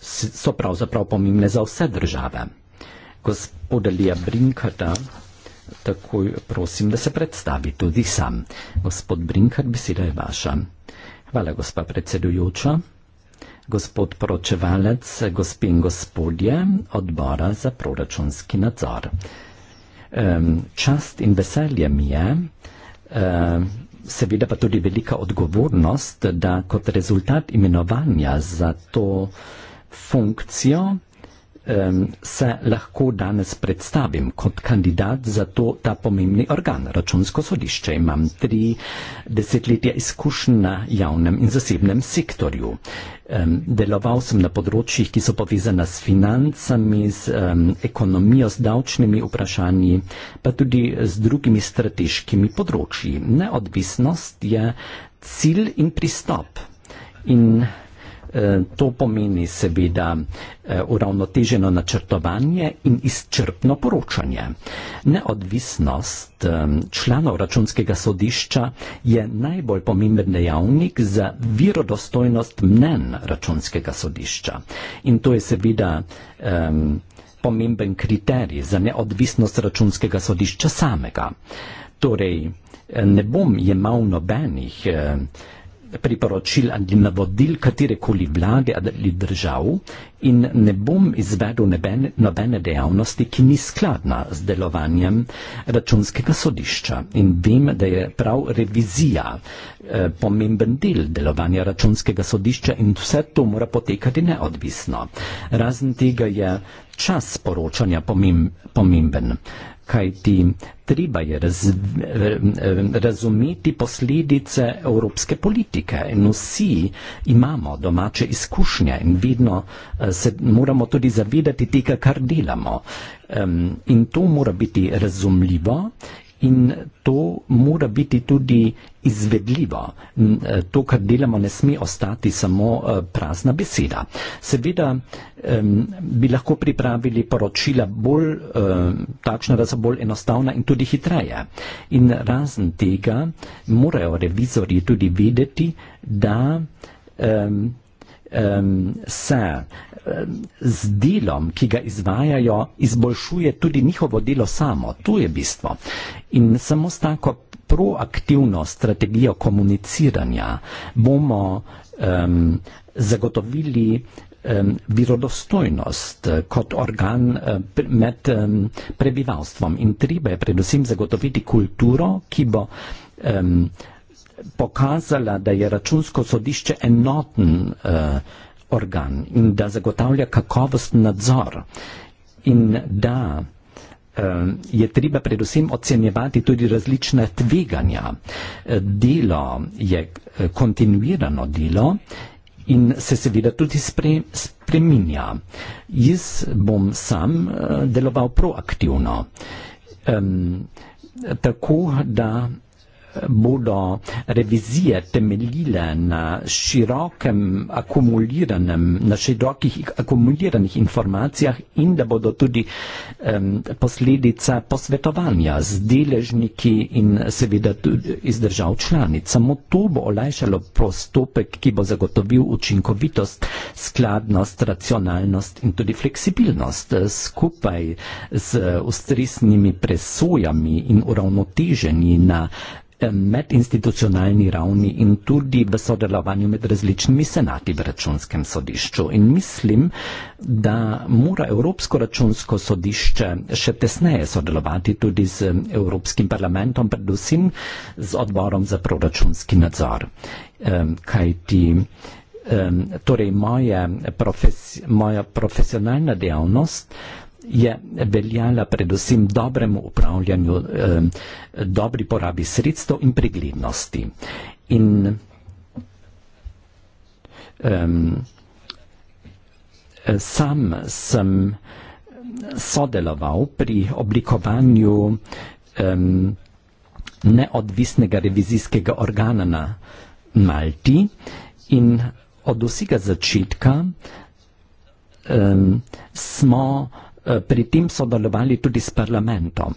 so pravzaprav pomembne za vse države. Gospod Lija Brinkarda, takoj prosim, da se predstavi tudi sam. Gospod Brinkard, beseda je vaša. Hvala, gospa predsedujoča gospod poročevalec, gospe in gospodje odbora za proračunski nadzor. Um, čast in veselje mi je, um, seveda pa tudi velika odgovornost, da kot rezultat imenovanja za to funkcijo um, se lahko danes predstavim kot kandidat za to, ta pomembni organ, računsko sodišče. Imam tri desetletja izkušenj na javnem in zasebnem sektorju. Um, deloval sem na področjih, ki so povezana s financami, s um, ekonomijo, s davčnimi vprašanji, pa tudi z drugimi strateškimi področji. Neodvisnost je cilj in pristop. In Eh, to pomeni seveda eh, uravnoteženo načrtovanje in izčrpno poročanje. Neodvisnost eh, članov računskega sodišča je najbolj pomemben dejavnik za virodostojnost mnen računskega sodišča. In to je seveda um, pomemben kriterij za neodvisnost računskega sodišča samega. Torej, ne bom jemal nobenih eh, priporočil ali navodil katerekoli vlade ali držav in ne bom izvedel nobene, nobene dejavnosti, ki ni skladna z delovanjem računskega sodišča. In vem, da je prav revizija eh, pomemben del delovanja računskega sodišča in vse to mora potekati neodvisno. Razen tega je čas poročanja pomemben. Eh, kaj ti treba je raz, razumeti posledice evropske politike. In vsi imamo domače izkušnje in vedno eh, se moramo tudi zavedati tega, kar delamo. In to mora biti razumljivo In to mora biti tudi izvedljivo. Eh, to, kar delamo, ne sme ostati samo eh, prazna beseda. Seveda bi lahko pripravili poročila bolj eh, takšna, da so bolj enostavna in tudi hitreje. In razen tega morajo revizori tudi vedeti, da um, se um, z delom, ki ga izvajajo, izboljšuje tudi njihovo delo samo. To je bistvo. In samo s tako proaktivno strategijo komuniciranja bomo um, zagotovili virodostojnost eh, kot organ eh, med prebivalstvom in treba je predvsem zagotoviti kulturo, ki bo um, pokazala, da je računsko sodišče enoten uh, organ in da zagotavlja kakovost nadzor in da uh, je treba predvsem ocenjevati tudi različne tveganja. Eh, delo je kontinuirano delo in se seveda tudi spre, spreminja. Jaz bom sam uh, deloval proaktivno. Um, tako da bodo revizije temeljile na širokem akumuliranem, na širokih akumuliranih informacijah in da bodo tudi um, posledica posvetovanja z deležniki in seveda tudi iz držav članic. Samo to bo olajšalo postopek, ki bo zagotovil učinkovitost, skladnost, racionalnost in tudi fleksibilnost eh, skupaj z ustresnimi presojami in uravnoteženji na medinstitucionalni ravni in tudi v sodelovanju med različnimi senati v računskem sodišču. In mislim, da mora Evropsko računsko sodišče še tesneje sodelovati tudi z Evropskim parlamentom, predvsem z odborom za proračunski nadzor. Kajti, torej moja, profes, moja profesionalna dejavnost je veljala predvsem dobremu upravljanju, eh, dobri porabi sredstev in preglednosti. In eh, sam sem sodeloval pri oblikovanju eh, neodvisnega revizijskega organa na Malti in od vsega začetka eh, smo Eh, pri tem sodelovali tudi s parlamentom,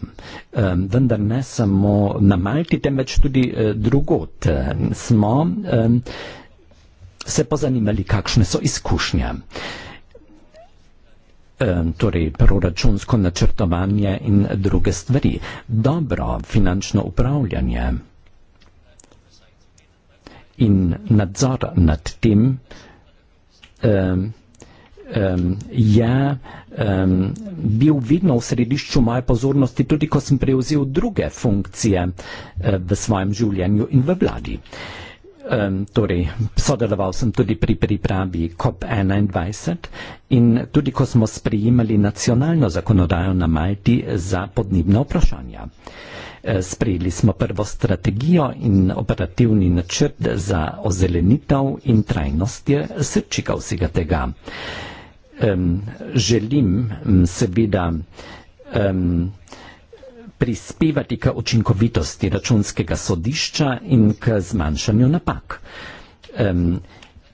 vendar ne samo na Malti, temveč tudi eh, drugot. Smo se pozanimali, kakšne so izkušnje. Torej, proračunsko načrtovanje in druge stvari. Dobro finančno upravljanje in nadzor nad tem, um, je ja, um, bil vedno v središču moje pozornosti, tudi ko sem prevzel druge funkcije uh, v svojem življenju in v vladi. Um, torej, sodeloval sem tudi pri pripravi COP21 in tudi ko smo sprejemali nacionalno zakonodajo na Malti za podnebne vprašanja. Eh, sprejeli smo prvo strategijo in operativni načrt za ozelenitev in trajnost je srčika vsega tega um, želim seveda um, prispevati k učinkovitosti računskega sodišča in k zmanjšanju napak. Um,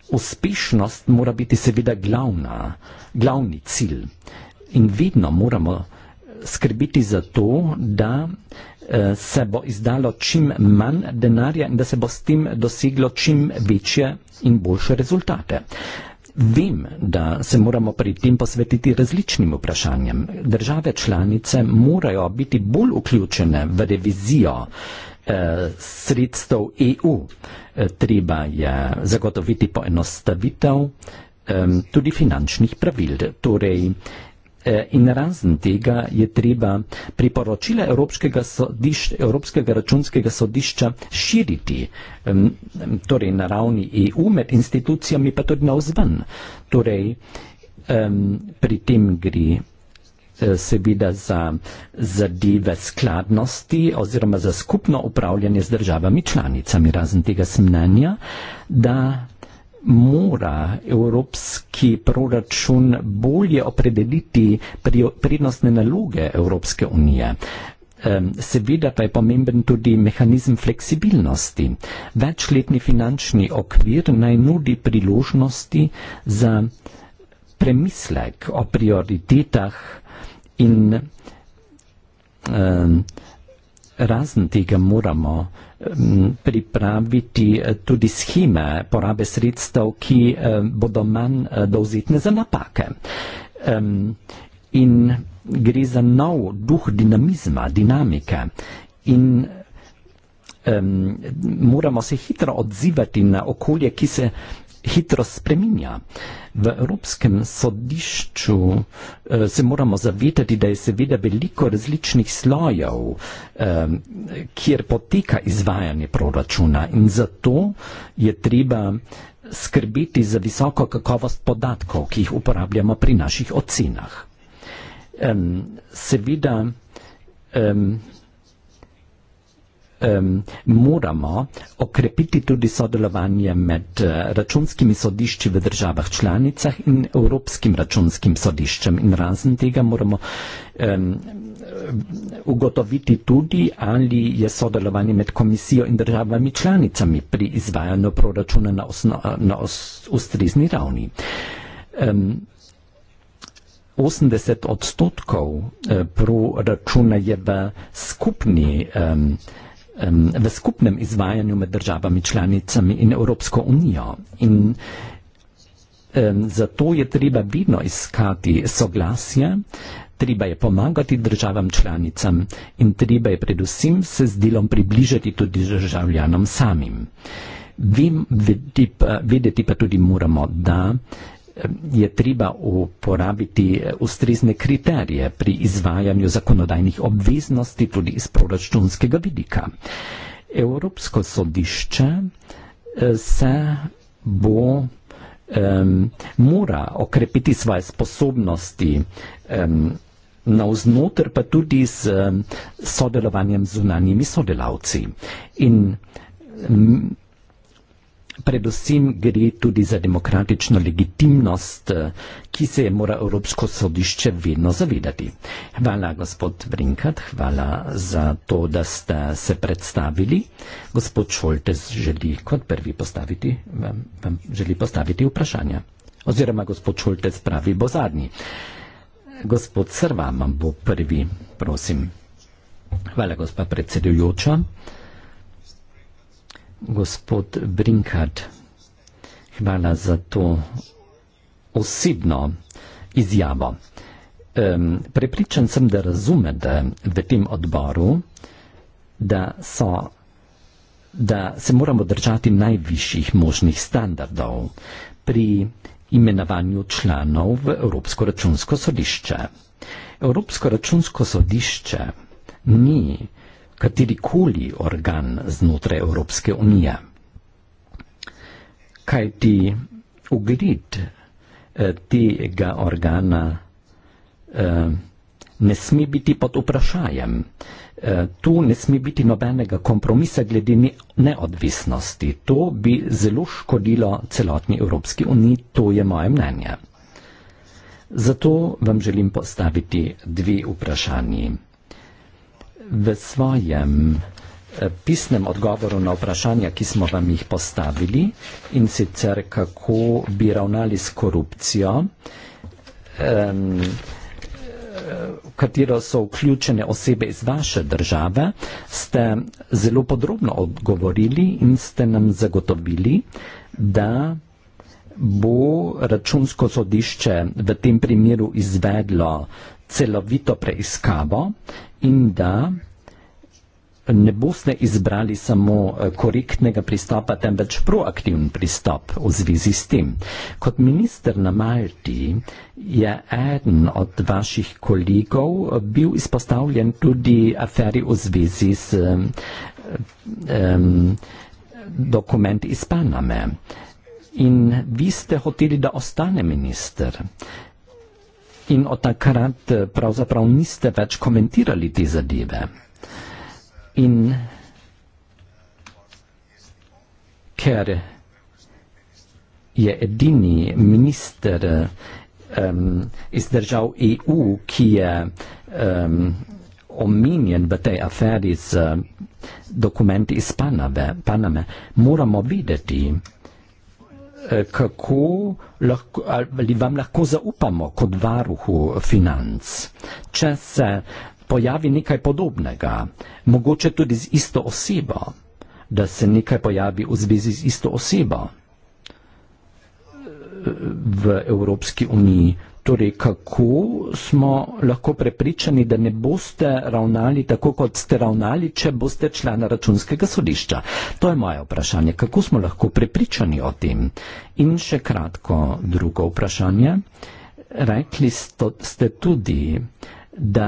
uspešnost mora biti seveda glavna, glavni cilj in vedno moramo skrbiti za to, da uh, se bo izdalo čim manj denarja in da se bo s tem doseglo čim večje in boljše rezultate. Uh, Vem, da se moramo pri tem posvetiti različnim vprašanjem. Države članice morajo biti bolj vključene v revizijo eh, sredstev EU. Eh, treba je zagotoviti poenostavitev eh, tudi finančnih pravil. Torej, Eh, in razen tega je treba priporočila Evropskega, sodišč, Evropskega računskega sodišča širiti, torej na ravni EU med institucijami, pa tudi na vzven. Torej, pri tem gre eh, seveda za zadeve skladnosti oziroma za skupno upravljanje z državami članicami. Razen tega sem mnenja, da mora evropski proračun bolje opredeliti prednostne naloge Evropske unije. Seveda pa je pomemben tudi mehanizem fleksibilnosti. Večletni finančni okvir naj nudi priložnosti za premislek o prioritetah in eh, razen tega moramo eh, pripraviti eh, tudi scheme porabe sredstev, ki eh, bodo manj eh, dovzetne za napake. In gre za nov duh dinamizma, dinamike. In moramo se hitro odzivati na okolje, ki se hitro spreminja. V Evropskem sodišču eh, se moramo zavedati, da je seveda veliko različnih slojev, eh, kjer poteka izvajanje proračuna in zato je treba skrbeti za visoko kakovost podatkov, ki jih uporabljamo pri naših ocenah. Seveda um, moramo okrepiti tudi sodelovanje med uh, računskimi sodišči v državah članicah in Evropskim računskim sodiščem. In razen tega moramo um, ugotoviti tudi, ali je sodelovanje med komisijo in državami članicami pri izvajanju proračuna na, osno, na ustrezni ravni. Um, ehm, 80 odstotkov eh, proračuna je v skupni eh, um, v skupnem izvajanju med državami članicami in Evropsko unijo. In um, zato je treba vedno iskati soglasje, treba je pomagati državam članicam in treba je predvsem se z delom približati tudi državljanom samim. Vim, vedeti, pa, vedeti pa tudi moramo, da je treba uporabiti ustrezne kriterije pri izvajanju zakonodajnih obveznosti tudi iz proračunskega vidika. Evropsko sodišče eh, se bo um, mora okrepiti svoje sposobnosti um, navznoter, pa tudi s um, sodelovanjem z zunanjimi sodelavci. In um, Predvsem gre tudi za demokratično legitimnost, eh, ki se je mora Evropsko sodišče vedno zavedati. Hvala, gospod Brinkat, hvala za to, da ste se predstavili. Gospod Šoltes želi kot prvi postaviti, vam, vam želi postaviti vprašanja. Oziroma, gospod Šoltes pravi, bo zadnji. Gospod Srvama bo prvi, prosim. Hvala, gospod predsedujoča gospod Brinkard. Hvala za to osebno izjavo. Um, prepričan sem, da razumete v tem odboru, da, so, da se moramo držati najvišjih možnih standardov pri imenovanju članov v Evropsko računsko sodišče. Evropsko računsko sodišče ni katerikoli organ znotraj Evropske unije. Kaj ti ugled eh, tega organa eh, ne sme biti pod vprašanjem. Eh, tu ne sme biti nobenega kompromisa glede neodvisnosti. To bi zelo škodilo celotni Evropski uniji, to je moje mnenje. Zato vam želim postaviti dve vprašanje v svojem eh, pisnem odgovoru na vprašanja, ki smo vam jih postavili, in sicer kako bi ravnali s korupcijo, v katero so vključene osebe iz vaše države, ste zelo podrobno odgovorili in ste nam zagotovili, da bo računsko sodišče v tem primeru izvedlo celovito preiskavo in da ne boste izbrali samo eh, korektnega pristopa, temveč proaktivn pristop v zvezi s tem. Kot minister na Malti je eden od vaših kolegov eh, bil izpostavljen tudi aferi v zvezi s um, eh, dokument iz Paname. In vi ste hoteli, da ostane minister in od takrat eh, pravzaprav niste več komentirali te zadeve. In ker je edini minister um, iz držav EU, ki je um, omenjen v tej aferi z dokumenti iz Paname, moramo videti, Eh, kako lahko, ali vam lahko zaupamo kot varuhu financ, če se pojavi nekaj podobnega, mogoče tudi z isto osebo, da se nekaj pojavi v zvezi z isto osebo eh, v Evropski uniji, Torej, kako smo lahko prepričani, da ne boste ravnali tako, kot ste ravnali, če boste člana računskega sodišča? To je moje vprašanje. Kako smo lahko prepričani o tem? In še kratko drugo vprašanje. Rekli ste tudi, da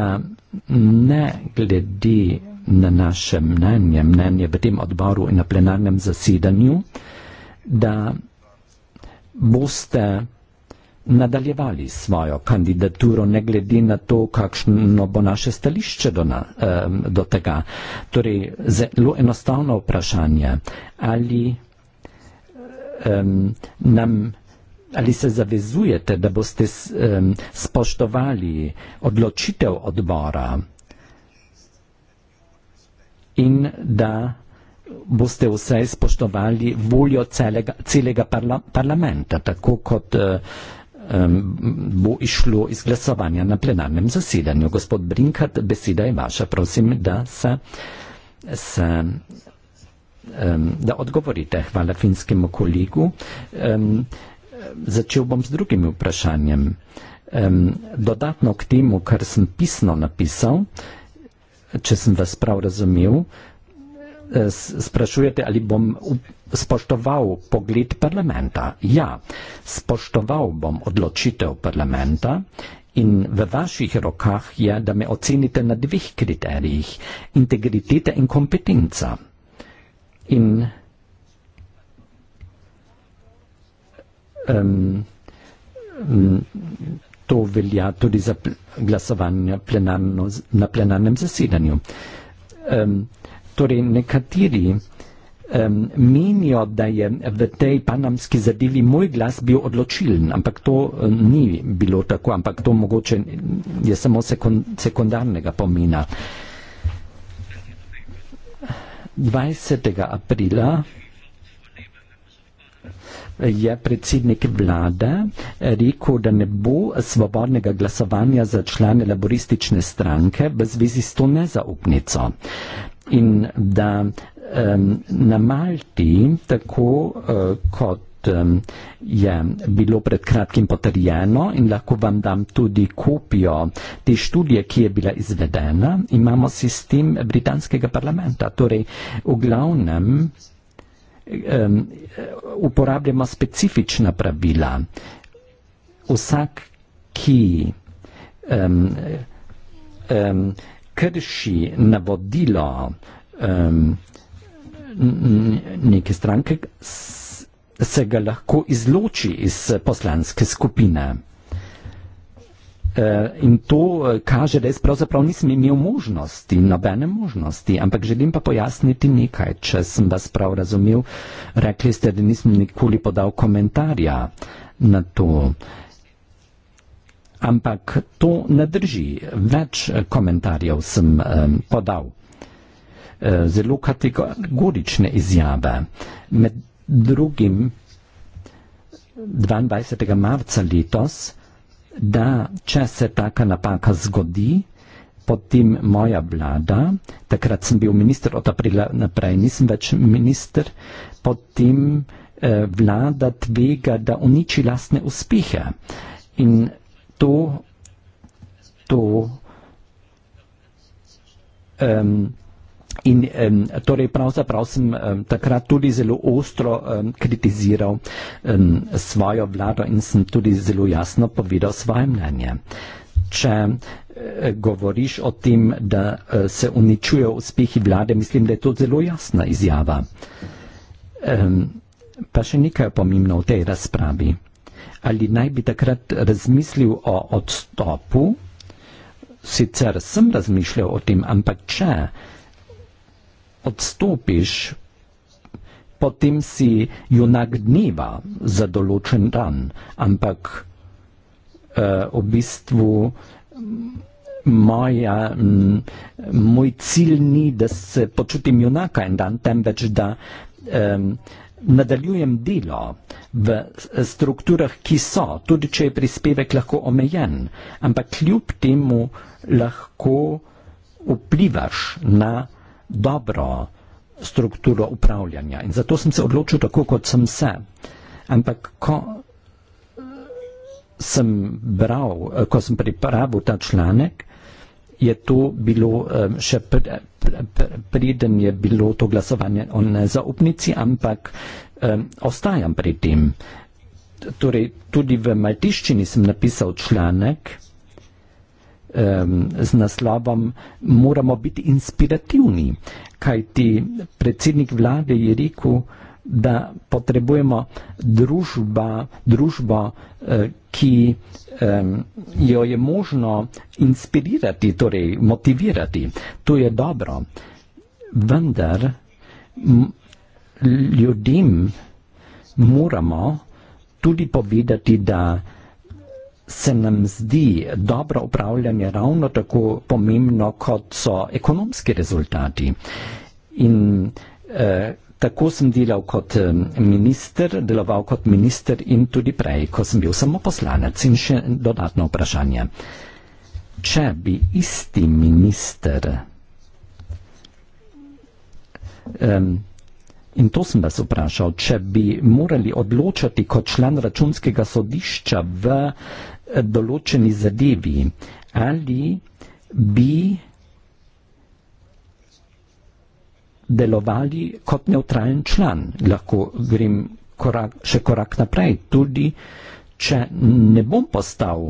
ne glede na naše mnenje, mnenje v tem odboru in na plenarnem zasedanju, da boste nadaljevali svojo kandidaturo, ne glede na to, kakšno bo naše stališče do, na, do tega. Torej, zelo enostavno vprašanje, ali, um, nam, ali se zavezujete, da boste um, spoštovali odločitev odbora in da boste vse spoštovali voljo celega, celega parla, parlamenta, tako kot uh, bo išlo izglasovanja na plenarnem zasedanju. Gospod Brinkat, beseda je vaša. Prosim, da se, se da odgovorite. Hvala finskemu kolegu. Začel bom z drugim vprašanjem. Dodatno k temu, kar sem pisno napisal, če sem vas prav razumel, sprašujete, ali bom spoštoval pogled parlamenta. Ja, spoštoval bom odločitev parlamenta in v vaših rokah je, da me ocenite na dveh kriterijih, integriteta in kompetenca. In um, to velja tudi za glasovanje plenarno, na plenarnem zasedanju. Um, torej, nekateri, um, menijo, da je v tej panamski zadevi moj glas bil odločilen, ampak to um, ni bilo tako, ampak to mogoče je samo sekund, sekundarnega pomena. 20. aprila je predsednik vlade rekel, da ne bo svobodnega glasovanja za člane laboristične stranke v zvezi s to nezaupnico in da um, na Malti, tako uh, kot um, je bilo pred kratkim potrjeno in lahko vam dam tudi kopijo te študije, ki je bila izvedena, imamo sistem britanskega parlamenta. Torej, v glavnem um, uporabljamo specifična pravila. Vsak, ki um, um, krši navodilo um, neke stranke, se ga lahko izloči iz poslanske skupine. E, in to e, kaže, da jaz pravzaprav nisem imel možnosti, nobene možnosti, ampak želim pa pojasniti nekaj, če sem vas prav razumel. Rekli ste, da nisem nikoli podal komentarja na to. Ampak to ne drži. Več eh, komentarjev sem eh, podal. Eh, zelo kategorične izjave. Med drugim 22. marca letos, da če se taka napaka zgodi, potem moja vlada, takrat sem bil minister od aprila naprej, nisem več minister, potem vlada tvega, da uniči lastne uspehe. In to, to um, in um, torej pravzaprav sem um, takrat tudi zelo ostro um, kritiziral um, svojo vlado in sem tudi zelo jasno povedal svoje mnenje. Če eh, govoriš o tem, da eh, se uničujejo uspehi vlade, mislim, da je to zelo jasna izjava. Pa še nekaj je pomembno v tej razpravi ali naj bi takrat razmislil o odstopu, sicer sem razmišljal o tem, ampak če odstopiš, potem si junak dneva za določen dan, ampak uh, v bistvu moja, m, moj cilj ni, da se počutim junaka en dan, temveč da um, nadaljujem delo v strukturah, ki so, tudi če je prispevek lahko omejen, ampak kljub temu lahko vplivaš na dobro strukturo upravljanja. In zato sem se odločil tako, kot sem se. Ampak ko eh, sem bral, eh, ko sem pripravil ta članek, je to bilo eh, še preden je bilo to glasovanje o nezaupnici, ampak um, ostajam pri tem. Torej, tudi v Maltiščini sem napisal članek um, z naslovom Moramo biti inspirativni, kajti predsednik vlade je rekel, da potrebujemo družba, družbo, eh, ki jo je možno inspirirati, torej motivirati. To je dobro. Vendar ljudem moramo tudi povedati, da se nam zdi dobro upravljanje ravno tako pomembno, kot so ekonomski rezultati. In eh, tako sem delal kot minister, deloval kot minister in tudi prej, ko sem bil samo poslanec. In še dodatno vprašanje. Če bi isti minister. Um, in to sem vas vprašal, če bi morali odločati kot član računskega sodišča v eh, določeni zadevi, ali bi delovali kot neutralen član. Lahko grem korak, še korak naprej, tudi če ne bom postal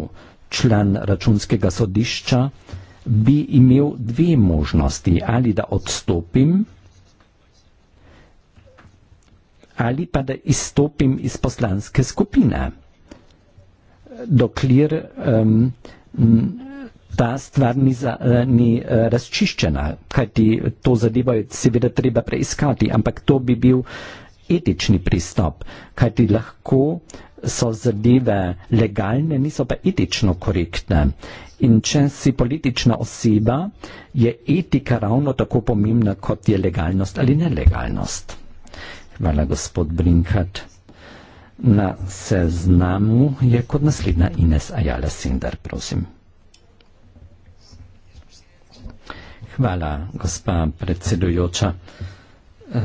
član računskega sodišča, bi imel dve možnosti, ali da odstopim, ali pa da izstopim iz poslanske skupine. Dokler um, ta stvar ni, za, eh, ni eh, razčiščena, kajti to zadevo je seveda treba preiskati, ampak to bi bil etični pristop, kajti lahko so zadeve legalne, niso pa etično korektne. In če si politična oseba, je etika ravno tako pomembna, kot je legalnost ali nelegalnost. Hvala, gospod Brinkat. Na seznamu je kot naslednja Ines Ajala Sindar, prosim. Hvala, gospa predsedujoča. Eh,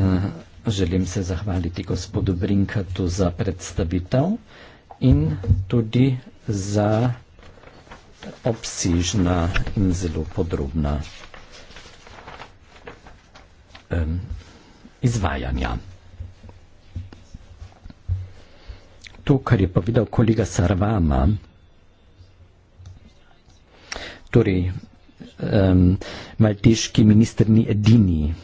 želim se zahvaliti gospodu Brinkatu za predstavitev in tudi za obsižna in zelo podrobna izvajanja. To, kar je povedal kolega Sarvama, torej um, maltiški minister ni edini.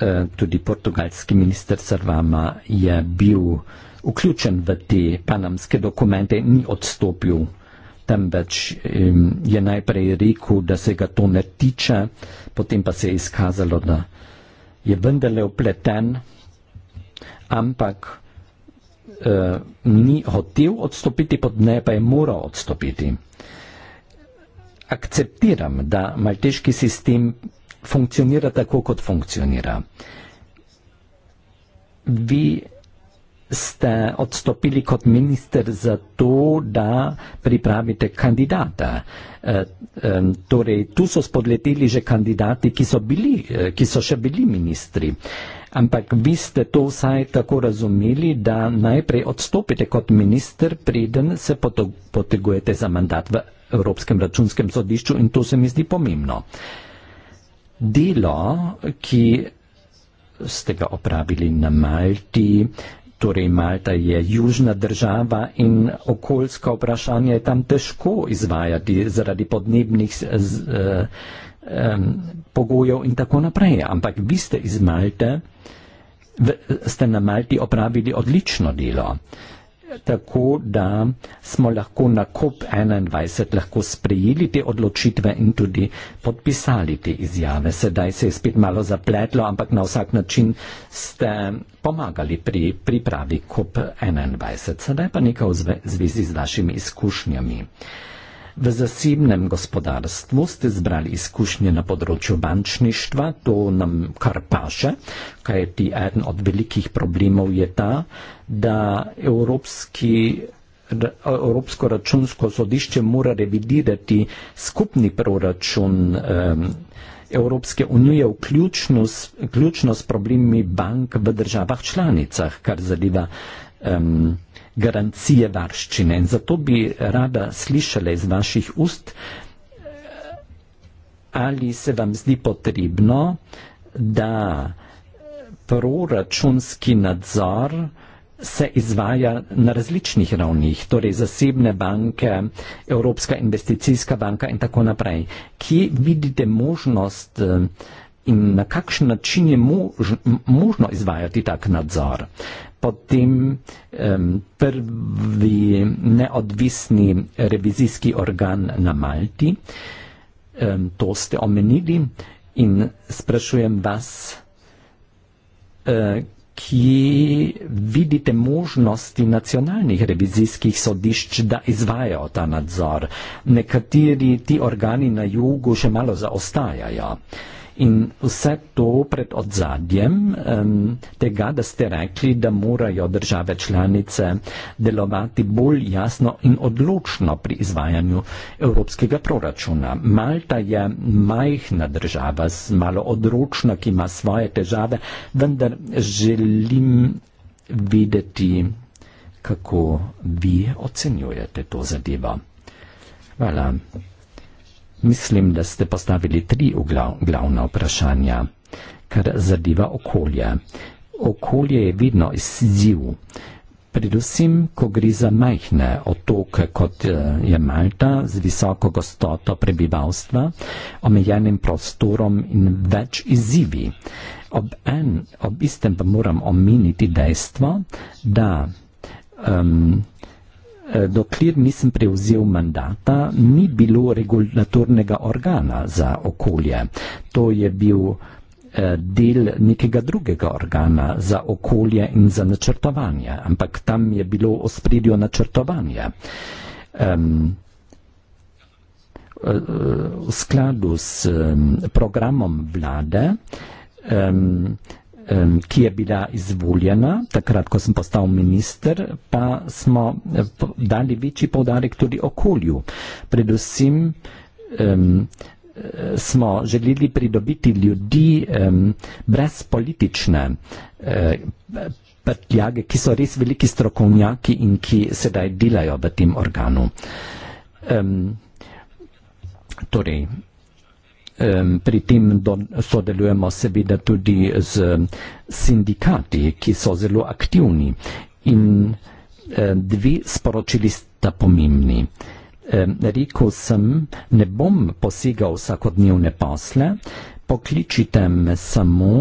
Uh, tudi portugalski minister Sarvama je bil vključen v te panamske dokumente, ni odstopil, temveč um, je najprej rekel, da se ga to ne tiče, potem pa se je izkazalo, da je vendarle upleten, ampak uh, ni hotel odstopiti, pod ne pa je moral odstopiti akceptiram, da malteški sistem funkcionira tako, kot funkcionira. Vi ste odstopili kot minister za to, da pripravite kandidata. E, e, torej, tu so spodleteli že kandidati, ki so, bili, eh, ki so še bili ministri. Ampak vi ste to vsaj tako razumeli, da najprej odstopite kot minister, preden se potegujete za mandat v Evropskem računskem sodišču in to se mi zdi pomembno. Delo, ki ste ga opravili na Malti, torej Malta je južna država in okoljska vprašanja je tam težko izvajati zaradi podnebnih z, z, eh, um, pogojev in tako naprej. Ampak vi ste iz Malte, v, ste na Malti opravili odlično delo tako da smo lahko na COP21 lahko sprejeli te odločitve in tudi podpisali te izjave. Sedaj se je spet malo zapletlo, ampak na vsak način ste pomagali pri pripravi COP21. Sedaj pa nekaj v zvezi z vašimi izkušnjami. V zasebnem gospodarstvu ste zbrali izkušnje na področju bančništva, to nam kar paše, kajti eden od velikih problemov je ta, da evropski. Evropsko računsko sodišče mora revidirati skupni proračun Evropske unije, vključno s problemi bank v državah članicah, kar zadeva um, garancije varščine. In zato bi rada slišala iz vaših ust, eh, ali se vam zdi potrebno, da proračunski nadzor se izvaja na različnih ravnih, torej zasebne banke, Evropska investicijska banka in tako naprej. Kje vidite možnost eh, in na kakšen način je možno izvajati tak nadzor? Uh, pod tim um, prvi neodvisni revizijski organ na Malti. Um, to ste omenili in sprašujem vas, uh, kje vidite možnosti nacionalnih revizijskih sodišč, da izvajajo ta nadzor. Nekateri ti organi na jugu še malo zaostajajo. In vse to pred odzadjem um, tega, da ste rekli, da morajo države članice delovati bolj jasno in odločno pri izvajanju evropskega proračuna. Malta je majhna država, malo odročna, ki ima svoje težave, vendar želim videti, kako vi ocenjujete to zadevo. Hvala. Voilà. Mislim, da ste postavili tri glavna vprašanja, kar zadeva okolje. Okolje je vedno izziv, predvsem, ko gre za majhne otoke, kot je Malta, z visoko gostoto prebivalstva, omejenim prostorom in več izzivi. Ob, en, ob istem pa moram omeniti dejstvo, da um, Eh, dokler nisem prevzel mandata, ni bilo regulatornega organa za okolje. To je bil eh, del nekega drugega organa za okolje in za načrtovanje, ampak tam je bilo ospredjo načrtovanje. Um, v skladu s programom vlade um, ki je bila izvoljena, takrat, ko sem postal minister, pa smo eh, dali večji povdarek tudi okolju. Predvsem um, smo želeli pridobiti ljudi um, brez politične eh, prtljage, um, ki so res veliki strokovnjaki in ki sedaj delajo v tem organu. Um, torej, pri tem do, sodelujemo seveda tudi z sindikati, ki so zelo aktivni in eh, dve sporočili sta pomembni. Eh, rekel sem, ne bom posegal vsakodnevne posle, pokličite me samo,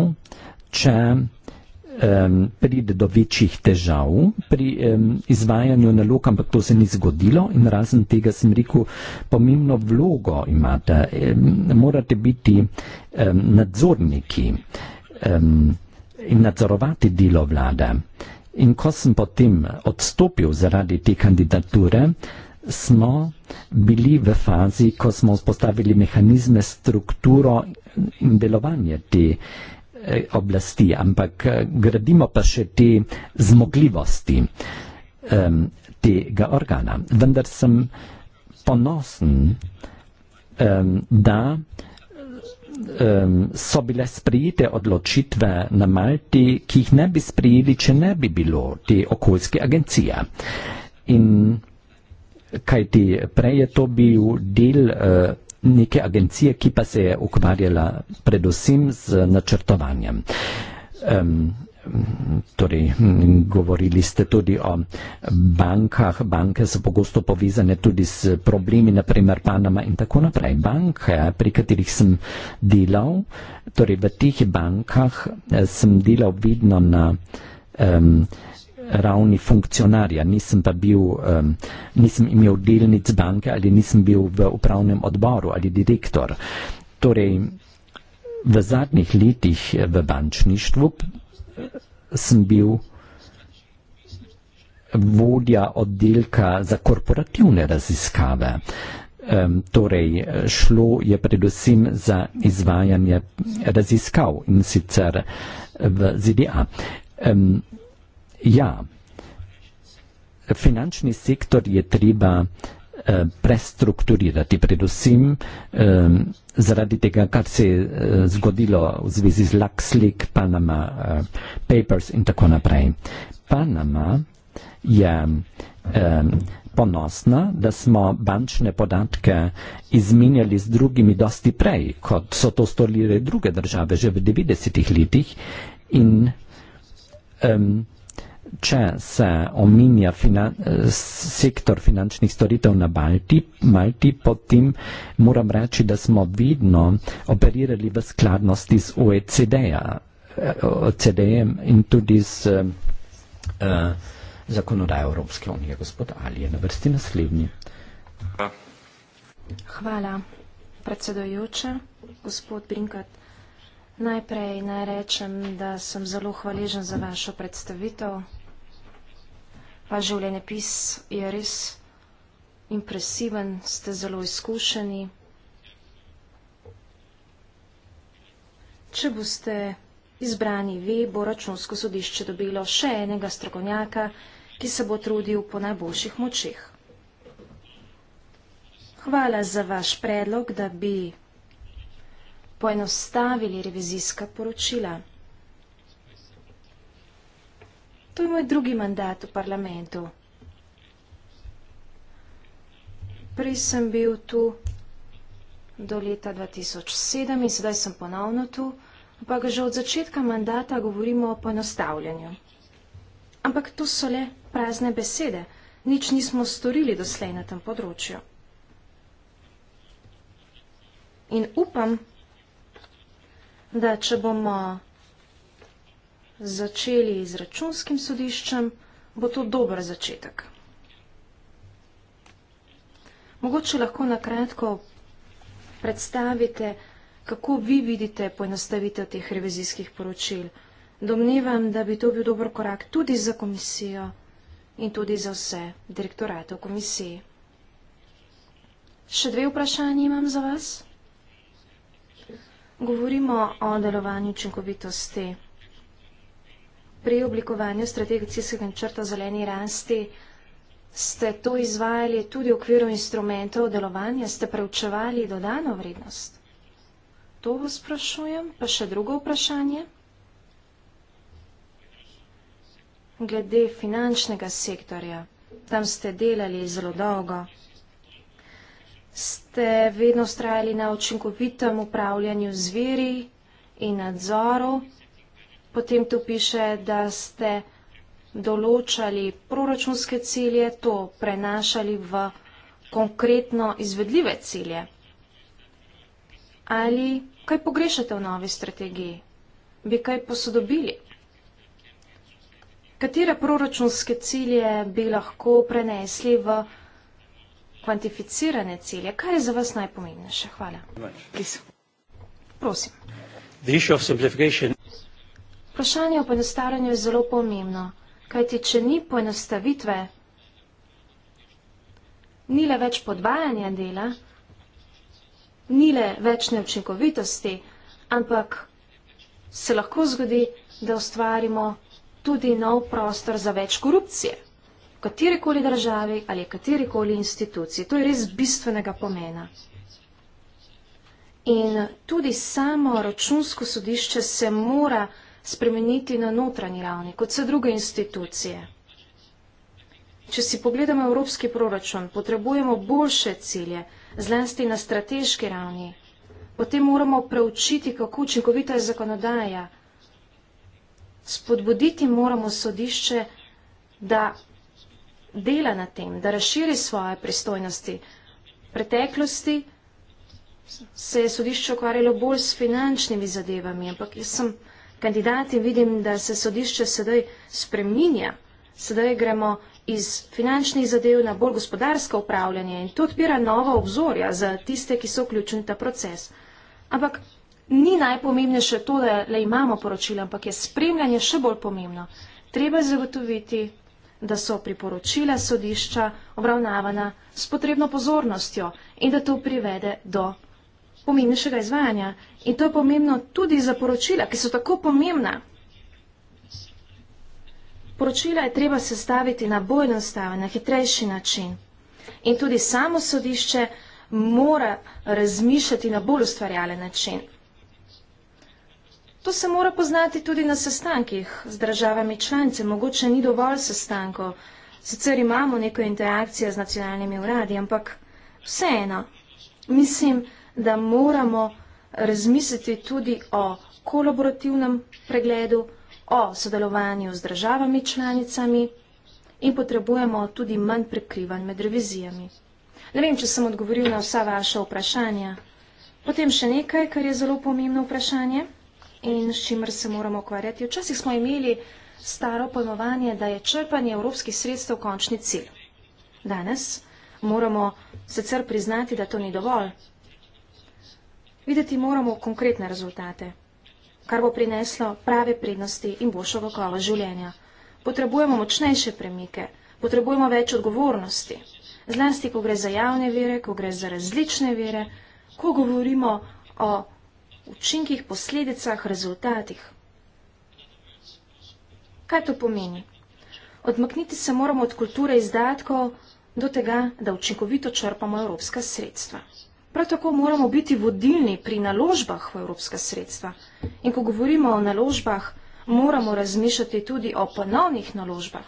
če eh, um, pride do večjih težav pri um, izvajanju nalog, ampak to se ni zgodilo in razen tega sem rekel, pomembno vlogo imate, um, morate biti um, nadzorniki um, in nadzorovati delo vlade. In ko sem potem odstopil zaradi te kandidature, smo bili v fazi, ko smo vzpostavili mehanizme, strukturo in delovanje te kandidature. Eh, oblasti, ampak eh, gradimo pa še te zmogljivosti um, tega organa. Vendar sem ponosen, um, da um, so bile sprejete odločitve na Malti, ki jih ne bi sprejeli, če ne bi bilo te okoljske agencije. In kaj ti prej je to bil del. Uh, neke agencije, ki pa se je ukvarjala predvsem z načrtovanjem. Um, torej, govorili ste tudi o bankah, banke so pogosto povezane tudi s problemi, naprimer Panama in tako naprej. Banke, pri katerih sem delal, torej v teh bankah eh, sem delal vedno na um, ravni funkcionarja, nisem pa bil, um, nisem imel delnic banke ali nisem bil v upravnem odboru ali direktor. Torej, v zadnjih letih eh, v bančništvu eh, sem bil vodja oddelka za korporativne raziskave. Um, torej, šlo je predvsem za izvajanje raziskav in sicer eh, v ZDA. Um, Ja, finančni sektor je treba eh, prestrukturirati, predvsem eh, zaradi tega, kar se je eh, zgodilo v zvezi z Luxleak, Panama eh, Papers in tako naprej. Panama je eh, ponosna, da smo bančne podatke izmenjali z drugimi dosti prej, kot so to storile druge države že v 90-ih letih in eh, Če se omenja finan sektor finančnih storitev na Balti, Malti, potem moram reči, da smo vedno operirali v skladnosti z OECD-jem e OECD in tudi z uh, zakonodajo Evropske unije. Gospod Ali je na vrsti naslednji. Hvala, predsedojoče. Gospod Brinkat, najprej naj rečem, da sem zelo hvaležen za vašo predstavitev. Vaš življenjepis je res impresiven, ste zelo izkušeni. Če boste izbrani ve, bo računsko sodišče dobilo še enega strokovnjaka, ki se bo trudil po najboljših močeh. Hvala za vaš predlog, da bi poenostavili revizijska poročila. To je moj drugi mandat v parlamentu. Prej sem bil tu do leta 2007 in sedaj sem ponovno tu, ampak že od začetka mandata govorimo o ponostavljanju. Ampak tu so le prazne besede. Nič nismo storili doslej na tem področju. In upam, da če bomo začeli z računskim sodiščem, bo to dober začetek. Mogoče lahko nakratko predstavite, kako vi vidite poenostavitev teh revizijskih poročil. Domnevam, da bi to bil dober korak tudi za komisijo in tudi za vse direktorate v komisiji. Še dve vprašanje imam za vas. Govorimo o delovanju učinkovitosti pri oblikovanju strategijskega načrta zeleni rasti ste to izvajali tudi v okviru instrumentov delovanja, ste preučevali dodano vrednost. To vas sprašujem, pa še drugo vprašanje. Glede finančnega sektorja, tam ste delali zelo dolgo. Ste vedno strajali na učinkovitem upravljanju zveri in nadzoru, Potem tu piše, da ste določali proračunske cilje, to prenašali v konkretno izvedljive cilje. Ali kaj pogrešate v novi strategiji? Bi kaj posodobili? Katere proračunske cilje bi lahko prenesli v kvantificirane cilje? Kaj je za vas najpomembnejše? Hvala. Prosim. Vprašanje o poenostavljanju je zelo pomembno, kajti če ni poenostavitve, ni le več podvajanja dela, ni le več neučinkovitosti, ampak se lahko zgodi, da ustvarimo tudi nov prostor za več korupcije v katerikoli državi ali v katerikoli instituciji. To je res bistvenega pomena. In tudi samo računsko sodišče se mora spremeniti na notranji ravni, kot vse druge institucije. Če si pogledamo evropski proračun, potrebujemo boljše cilje, zlasti na strateški ravni. Potem moramo preučiti, kako učinkovita je zakonodaja. Spodbuditi moramo sodišče, da dela na tem, da razširi svoje pristojnosti. V preteklosti se je sodišče ukvarjalo bolj s finančnimi zadevami, ampak jaz sem kandidati, vidim, da se sodišče sedaj spreminja. Sedaj gremo iz finančnih zadev na bolj gospodarsko upravljanje in to odpira nova obzorja za tiste, ki so vključeni v ta proces. Ampak ni najpomembnejše to, da le imamo poročila, ampak je spremljanje še bolj pomembno. Treba zagotoviti, da so priporočila sodišča obravnavana s potrebno pozornostjo in da to privede do pomembnejšega izvajanja. In to je pomembno tudi za poročila, ki so tako pomembna. Poročila je treba sestaviti na bolj enostaven, na hitrejši način. In tudi samo sodišče mora razmišljati na bolj ustvarjalen način. To se mora poznati tudi na sestankih z državami članice. Mogoče ni dovolj sestankov, sicer imamo neko interakcijo z nacionalnimi uradi, ampak vseeno. Mislim, da da moramo razmisliti tudi o kolaborativnem pregledu, o sodelovanju z državami članicami in potrebujemo tudi manj prekrivanj med revizijami. Ne vem, če sem odgovoril na vsa vaša vprašanja. Potem še nekaj, kar je zelo pomembno vprašanje in s čimer se moramo ukvarjati. Včasih smo imeli staro pojmovanje, da je črpanje evropskih sredstev končni cilj. Danes moramo sicer priznati, da to ni dovolj, Videti moramo konkretne rezultate, kar bo prineslo prave prednosti in boljšo kakovost življenja. Potrebujemo močnejše premike, potrebujemo več odgovornosti, zlasti, ko gre za javne vere, ko gre za različne vere, ko govorimo o učinkih, posledicah, rezultatih. Kaj to pomeni? Odmakniti se moramo od kulture izdatkov do tega, da učinkovito črpamo evropska sredstva. Prav tako moramo biti vodilni pri naložbah v evropska sredstva. In ko govorimo o naložbah, moramo razmišljati tudi o ponovnih naložbah.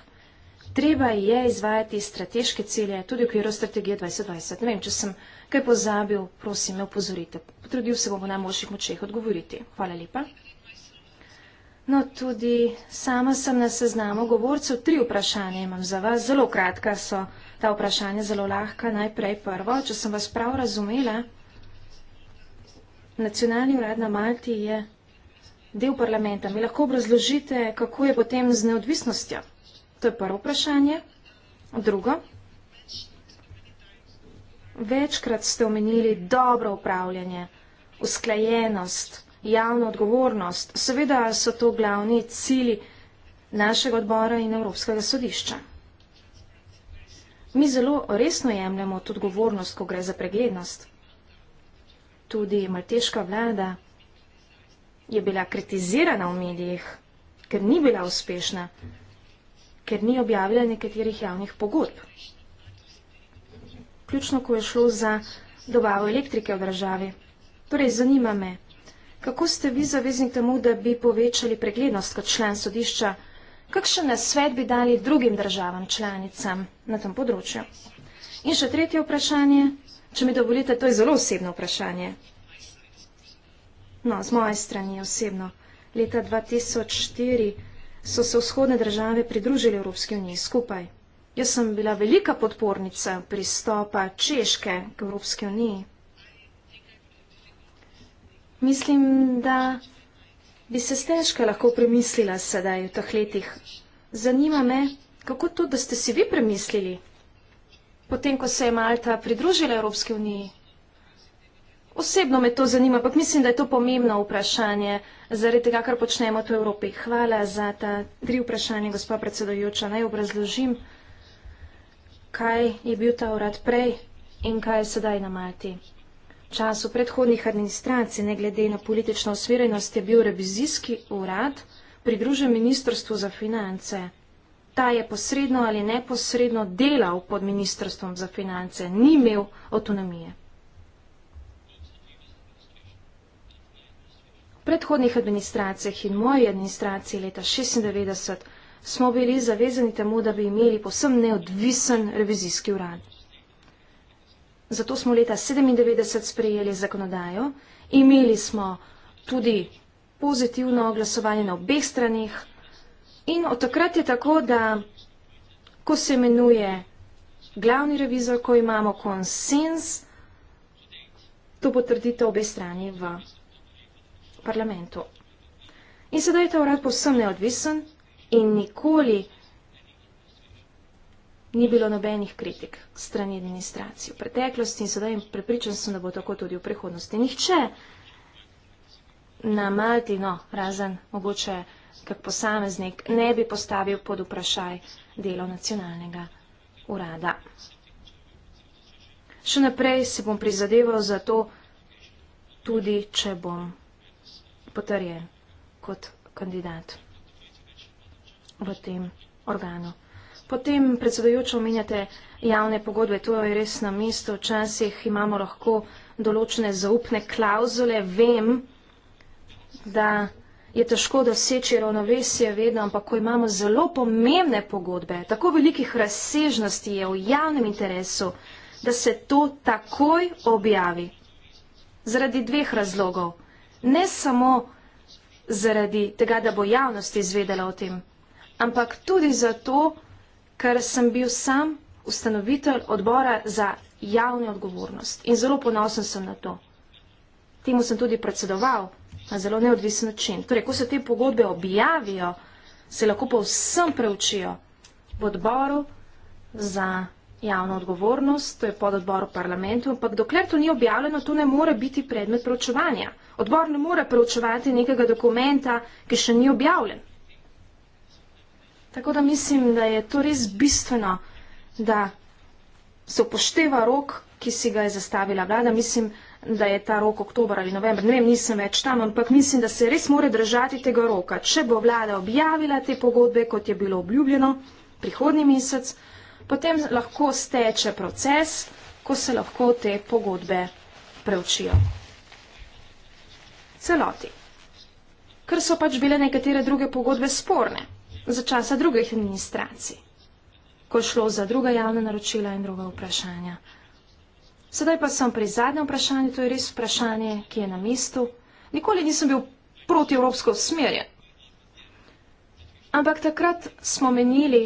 Treba je izvajati strateške cilje, tudi v okviru strategije 2020. Ne vem, če sem kaj pozabil, prosim, me upozorite. Potrudil se bom v najboljših močeh odgovoriti. Hvala lepa. No, tudi sama sem na seznamu govorcev. Tri vprašanje imam za vas. Zelo kratka so vprašanje ta vprašanja zelo lahka. Najprej prvo, če sem vas prav razumela, nacionalni urad na Malti je del parlamenta. Mi lahko obrazložite, kako je potem z neodvisnostjo. To je prvo vprašanje. Drugo, večkrat ste omenili dobro upravljanje, usklajenost, javno odgovornost. Seveda so to glavni cili našega odbora in Evropskega sodišča. Mi zelo resno jemljemo tudi odgovornost, ko gre za preglednost. Tudi malteška vlada je bila kritizirana v medijih, ker ni bila uspešna, ker ni objavila nekaterih javnih pogodb. Ključno, ko je šlo za dobavo elektrike v državi. Torej, zanima me, kako ste vi zavezni temu, da bi povečali preglednost kot član sodišča? Kakšen nasvet bi dali drugim državam članicam na tem področju? In še tretje vprašanje, če mi dovolite, to je zelo osebno vprašanje. No, z moje strani osebno. Leta 2004 so se vzhodne države pridružili Evropski uniji skupaj. Jaz sem bila velika podpornica pristopa Češke k Evropski uniji. Mislim, da bi se stežka lahko premislila sedaj v teh letih. Zanima me, kako to, da ste si vi premislili, potem, ko se je Malta pridružila Evropske unije. Osebno me to zanima, ampak mislim, da je to pomembno vprašanje, zaradi tega, kar počnemo tu v Evropi. Hvala za ta tri vprašanje, gospa predsedojoča. Naj obrazložim, kaj je bil ta urad prej in kaj je sedaj na Malti času predhodnih administracij, ne glede na politično usmerjenost, je bil revizijski urad pridružen Ministrstvu za finance. Ta je posredno ali neposredno delal pod Ministrstvom za finance, ni imel avtonomije. V predhodnih administracijah in moji administraciji leta 1996 smo bili zavezani temu, da bi imeli posebno neodvisen revizijski urad. Zato smo leta 1997 sprejeli zakonodajo, imeli smo tudi pozitivno glasovanje na obeh stranih in od takrat je tako, da ko se imenuje glavni revizor, ko imamo konsens, to potrdite obe strani v parlamentu. In sedaj je ta urad posebno neodvisen in nikoli ne ni bilo nobenih kritik strani administracije v preteklosti in sedaj prepričan sem, da bo tako tudi v prihodnosti. Nihče na Malti, no, razen mogoče kak posameznik, ne bi postavil pod vprašaj delo nacionalnega urada. Še naprej se bom prizadeval za to, tudi če bom potrjen kot kandidat v tem organu. Potem predsedujočo omenjate javne pogodbe, to je res na mesto, včasih imamo lahko določene zaupne klauzule, vem, da je težko doseči ravnovesje vedno, ampak ko imamo zelo pomembne pogodbe, tako velikih razsežnosti je v javnem interesu, da se to takoj objavi. Zaradi dveh razlogov. Ne samo zaradi tega, da bo javnost izvedela o tem, ampak tudi zato, da ker sem bil sam ustanovitelj odbora za javno odgovornost in zelo ponosen sem na to. Temu sem tudi predsedoval na zelo neodvisen način. Torej, ko se te pogodbe objavijo, se lahko povsem preučijo v odboru za javno odgovornost, to je pod odboru parlamentu, ampak dokler to ni objavljeno, to ne more biti predmet preučevanja. Odbor ne more preučevati nekega dokumenta, ki še ni objavljen. Tako da mislim, da je to res bistveno, da se upošteva rok, ki si ga je zastavila vlada. Mislim, da je ta rok oktober ali novembr. Ne vem, nisem več tam, ampak mislim, da se res more držati tega roka. Če bo vlada objavila te pogodbe, kot je bilo obljubljeno, prihodni mesec, potem lahko steče proces, ko se lahko te pogodbe preučijo. Celoti. Ker so pač bile nekatere druge pogodbe sporne za časa drugih administracij, ko je šlo za druga javna naročila in druga vprašanja. Sedaj pa sem pri zadnjem vprašanju, to je res vprašanje, ki je na mestu. Nikoli nisem bil proti evropsko smerje. Ampak takrat smo menili,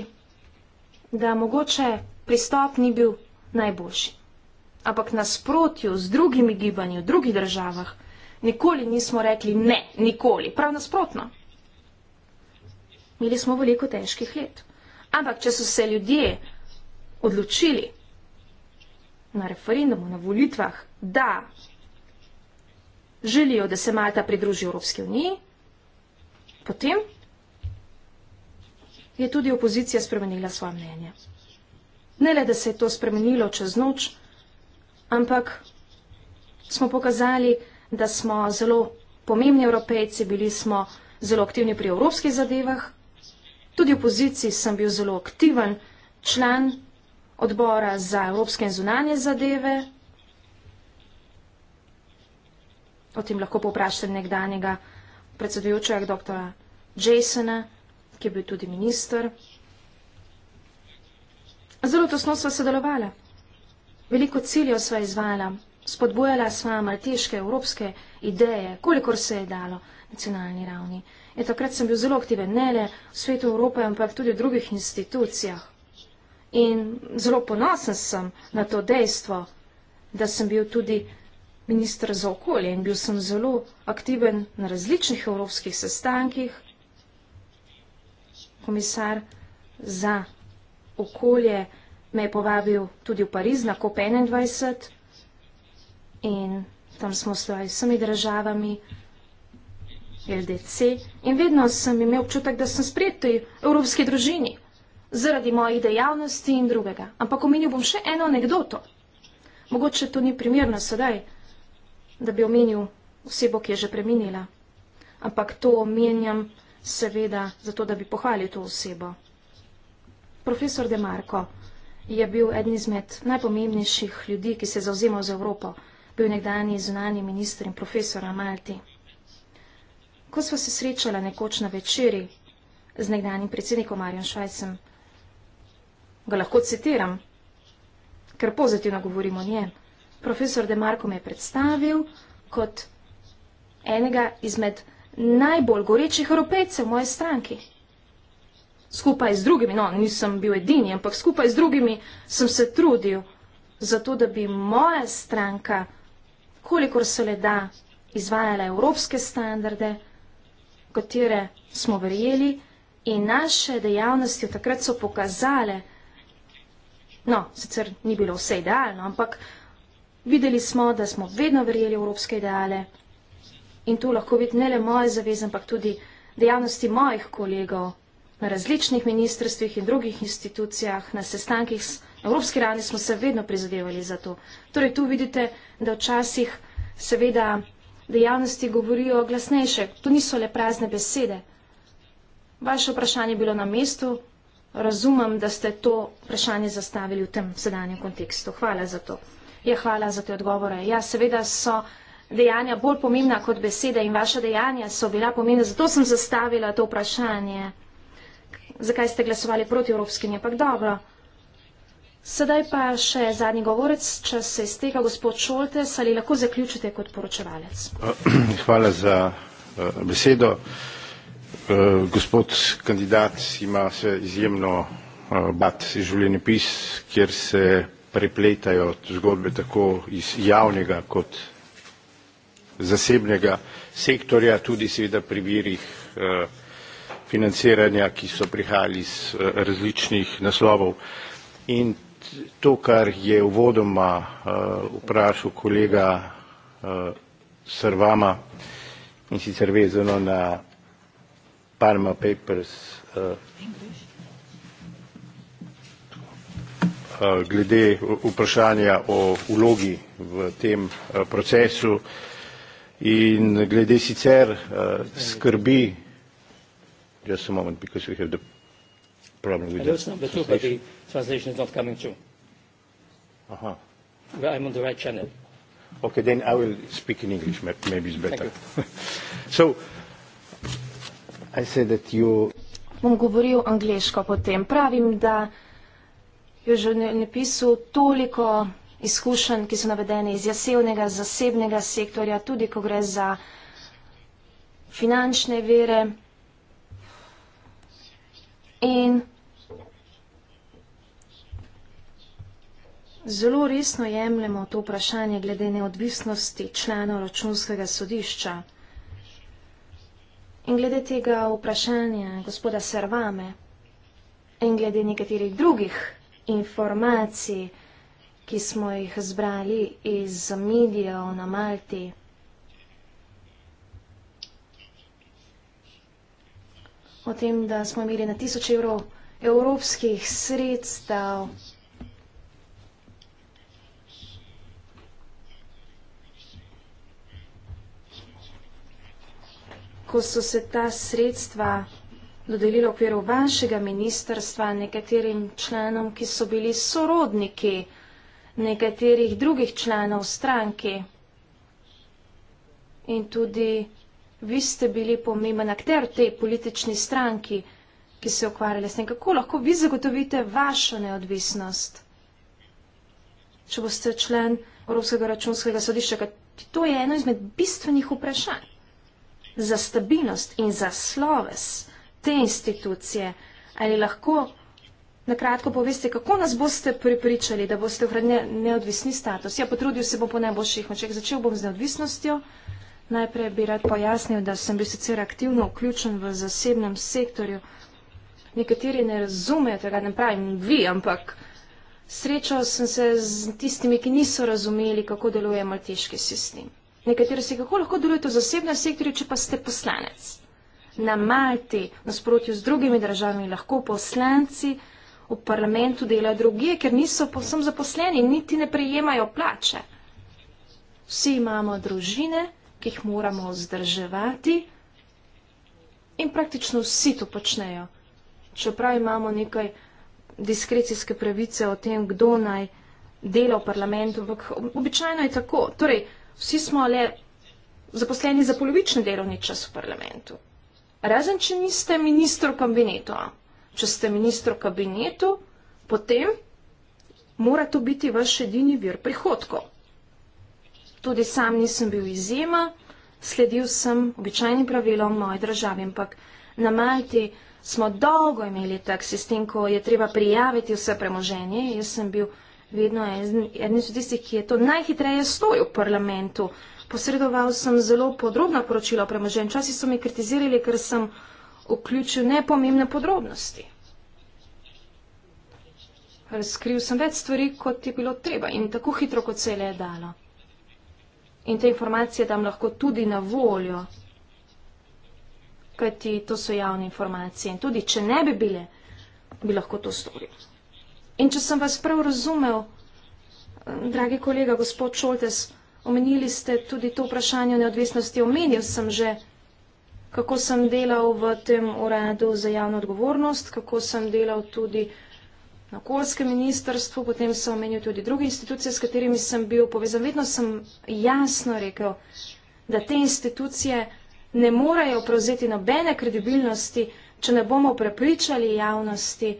da mogoče pristop ni bil najboljši. Ampak nasprotju z drugimi gibanji v drugih državah, nikoli nismo rekli ne, nikoli, prav nasprotno imeli smo veliko težkih let. Ampak, če so se ljudje odločili na referendumu, na volitvah, da želijo, da se Malta pridruži Evropski uniji, potem je tudi opozicija spremenila svoje mnenje. Ne le, da se je to spremenilo čez noč, ampak smo pokazali, da smo zelo pomembni evropejci, bili smo zelo aktivni pri evropskih zadevah, Tudi v opoziciji sem bil zelo aktiven član odbora za evropske in zunanje zadeve. O tem lahko povprašam nekdanjega predsedujočega dr. Jasona, ki je bil tudi minister. Zelo tesno sva sodelovala. Veliko ciljev sva izvala. Spodbujala sva malteške evropske ideje, kolikor se je dalo nacionalni ravni. In takrat sem bil zelo aktiven, ne le v svetu Evrope, ampak tudi v drugih institucijah. In zelo ponosen sem na to dejstvo, da sem bil tudi ministr za okolje in bil sem zelo aktiven na različnih evropskih sestankih. Komisar za okolje me je povabil tudi v Pariz na COP21 in tam smo s svojimi državami. LDC in vedno sem imel občutek, da sem sprejet v tej evropski družini zaradi mojih dejavnosti in drugega. Ampak omenil bom še eno anegdoto. Mogoče to ni primerno sedaj, da bi omenil osebo, ki je že preminila. Ampak to omenjam seveda zato, da bi pohvalil to osebo. Profesor De Marko je bil eden izmed najpomembnejših ljudi, ki se je zauzemal za Evropo. Bil je nekdani zunani minister in profesor na Malti ko sva se srečala nekoč na večeri z nekdanjim predsednikom Marjan Švajcem. Ga lahko citiram, ker pozitivno govorim o njem. Profesor Demarko me je predstavil kot enega izmed najbolj gorečih evropejcev v moje stranki. Skupaj z drugimi, no, nisem bil edini, ampak skupaj z drugimi sem se trudil za to, da bi moja stranka, kolikor se le da, izvajala evropske standarde, katere smo verjeli in naše dejavnosti v takrat so pokazale, no, sicer ni bilo vse idealno, ampak videli smo, da smo vedno verjeli v evropske ideale in tu lahko vidi ne le moje zaveze, ampak tudi dejavnosti mojih kolegov na različnih ministrstvih in drugih institucijah, na sestankih, na evropski ravni smo se vedno prizadevali za to. Torej tu vidite, da včasih seveda dejavnosti govorijo glasnejše. To niso le prazne besede. Vaše vprašanje je bilo na mestu. Razumem, da ste to vprašanje zastavili v tem sedanjem kontekstu. Hvala za to. Ja, hvala za te odgovore. Ja, seveda so dejanja bolj pomembna kot besede in vaše dejanja so bila pomembna. Zato sem zastavila to vprašanje. Zakaj ste glasovali proti Evropski unije? Pa dobro. Sedaj pa še zadnji govorec, če se iz tega gospod Šoltes ali lahko zaključite kot poročevalec. Eh, hvala za eh, besedo. Eh, gospod kandidat ima se izjemno bat življenjepis, kjer se prepletajo zgodbe tako iz javnega kot zasebnega sektorja, tudi seveda pri virih financiranja, ki so prihajali iz različnih naslovov. In to, kar je uvodoma uh, vprašal kolega uh, eh, Srvama in sicer vezano na Parma Papers, uh, uh, glede vprašanja o ulogi v tem uh, procesu in glede sicer uh, skrbi, just a moment, because we have the problem with that's the translation. That's not true, but the translation is not coming through. Uh-huh. Well, I'm on the right channel. Okay, then I will speak in English. Maybe it's better. so, I say that you... bom govoril angliško potem. Pravim, da je že v napisu toliko izkušenj, ki so navedene iz jasevnega, zasebnega sektorja, tudi ko gre za finančne vere. In Zelo resno jemljemo to vprašanje glede neodvisnosti članov računskega sodišča. In glede tega vprašanja gospoda Servame in glede nekaterih drugih informacij, ki smo jih zbrali iz medijev na Malti, o tem, da smo imeli na tisoč evrov evropskih sredstev, ko so se ta sredstva dodelila v okviru vašega ministrstva nekaterim članom, ki so bili sorodniki nekaterih drugih članov stranke. In tudi vi ste bili pomemben akter tej politični stranki, ki se je ukvarjala s tem, kako lahko vi zagotovite vašo neodvisnost. Če boste član Evropskega računskega sodišča, kaj to je eno izmed bistvenih vprašanj za stabilnost in za sloves te institucije? Ali lahko na kratko poveste, kako nas boste pripričali, da boste ohranili neodvisni status? Ja, potrudil se bom po najboljših močeh. Začel bom z neodvisnostjo. Najprej bi rad pojasnil, da sem bil sicer aktivno vključen v zasebnem sektorju. Nekateri ne razumejo tega, ne pravim vi, ampak srečal sem se z tistimi, ki niso razumeli, kako deluje maltiški sistem. Nekateri se kako lahko delujete v zasebnem sektorju, če pa ste poslanec. Na Malti, nasprotju z drugimi državami, lahko poslanci v parlamentu delajo druge, ker niso povsem zaposleni, niti ne prejemajo plače. Vsi imamo družine, ki jih moramo vzdrževati in praktično vsi to počnejo. Čeprav imamo nekaj diskrecijske pravice o tem, kdo naj dela v parlamentu, ampak običajno je tako. Torej, vsi smo le zaposleni za polovični delovni čas v parlamentu. Razen, če niste ministr v kabinetu. Če ste ministr v kabinetu, potem mora to biti vaš edini vir prihodkov. Tudi sam nisem bil izjema, sledil sem običajnim pravilom moje države, ampak na Malti smo dolgo imeli tak sistem, ko je treba prijaviti vse premoženje. Jaz sem bil vedno eden od tistih, ki je to najhitreje stojil v parlamentu. Posredoval sem zelo podrobno poročilo premoženj. Časi so mi kritizirali, ker sem vključil nepomembne podrobnosti. Razkril sem več stvari, kot je bilo treba in tako hitro, kot se je le dalo. In te informacije dam lahko tudi na voljo, kajti to so javne informacije. In tudi, če ne bi bile, bi lahko to storil. In če sem vas prav razumel, dragi kolega gospod Šoltes, omenili ste tudi to vprašanje o neodvisnosti, omenil sem že, kako sem delal v tem uradu za javno odgovornost, kako sem delal tudi na okoljskem ministrstvu, potem sem omenil tudi druge institucije, s katerimi sem bil povezan. Vedno sem jasno rekel, da te institucije ne morejo prevzeti nobene kredibilnosti, če ne bomo prepričali javnosti,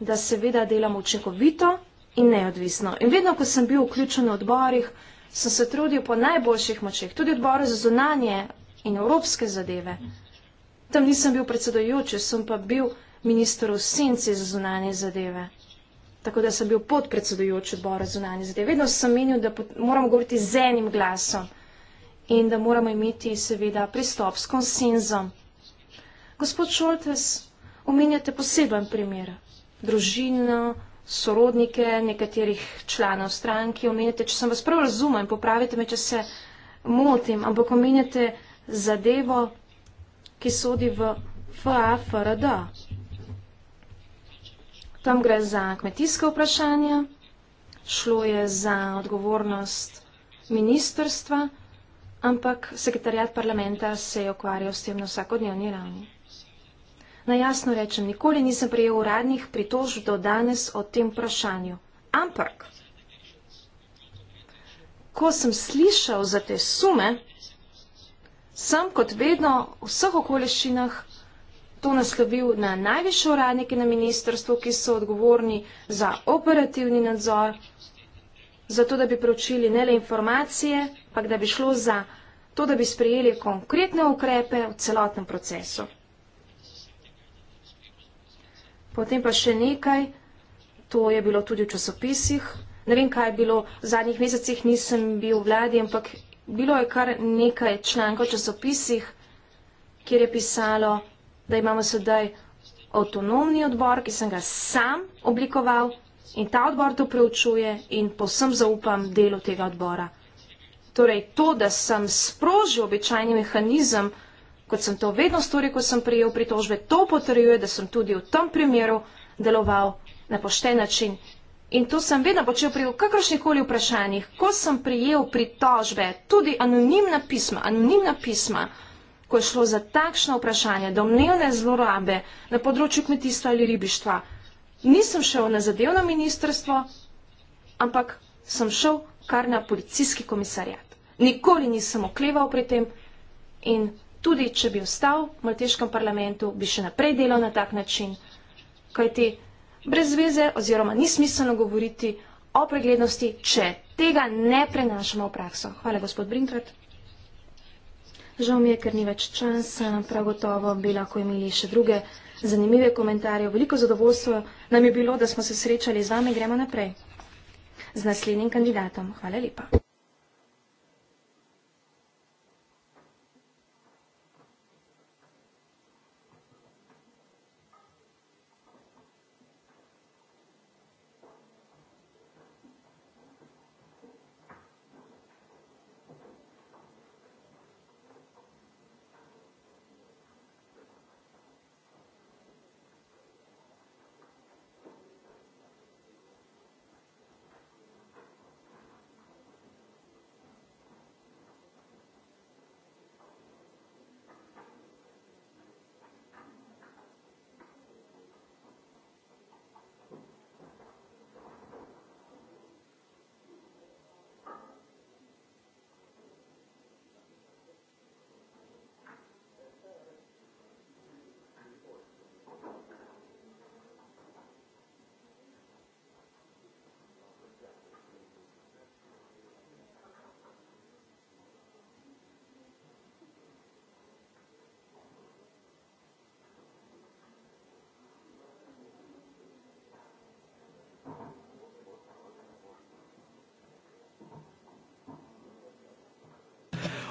da seveda delam učinkovito in neodvisno. In vedno, ko sem bil vključen v odborih, sem se trudil po najboljših močeh, tudi odbore za zunanje in evropske zadeve. Tam nisem bil predsedojoči, sem pa bil ministr v senci za zunanje zadeve. Tako da sem bil podpredsedujoči odbora za zunanje zadeve. Vedno sem menil, da moramo govoriti z enim glasom in da moramo imeti seveda pristop s konsenzom. Gospod Šoltes, omenjate poseben primer družino, sorodnike nekaterih članov stranki, omenjate, če sem vas prav razumem, popravite me, če se motim, ampak omenjate zadevo, ki sodi v FAFRD. Tam gre za kmetijske vprašanja, šlo je za odgovornost ministrstva, ampak sekretarjat parlamenta se je okvarjal s tem na vsakodnevni ravni. Na jasno rečem, nikoli nisem prejel uradnih pritožb do danes o tem vprašanju. Ampak, ko sem slišal za te sume, sem kot vedno v vseh okoliščinah to naslovil na najviše uradnike na ministrstvu, ki so odgovorni za operativni nadzor, zato da bi preučili ne le informacije, pa da bi šlo za to, da bi sprejeli konkretne ukrepe v celotnem procesu. Potem pa še nekaj, to je bilo tudi v časopisih. Ne vem, kaj je bilo, v zadnjih mesecih nisem bil v vladi, ampak bilo je kar nekaj člankov v časopisih, kjer je pisalo, da imamo sedaj avtonomni odbor, ki sem ga sam oblikoval in ta odbor to preučuje in posem zaupam delo tega odbora. Torej, to, da sem sprožil običajni mehanizem, kot sem to vedno storil, ko sem prijel pritožbe, to potrjuje, da sem tudi v tem primeru deloval na pošten način. In to sem vedno počel pri kakršnih koli vprašanjih, ko sem prijel pritožbe, tudi anonimna pisma, anonimna pisma, ko je šlo za takšno vprašanje, domnevne zlorabe na področju kmetijstva ali ribištva. Nisem šel na zadevno ministrstvo, ampak sem šel kar na policijski komisarjat. Nikoli nisem okleval pri tem in tudi če bi ostal v malteškem parlamentu, bi še naprej delal na tak način, kajti brez veze oziroma ni smiselno govoriti o preglednosti, če tega ne prenašamo v prakso. Hvala, gospod Brinkrat. Žal mi je, ker ni več časa, prav gotovo bi lahko imeli še druge zanimive komentarje. Veliko zadovoljstvo nam je bilo, da smo se srečali z vami. Gremo naprej z naslednjim kandidatom. Hvala lepa.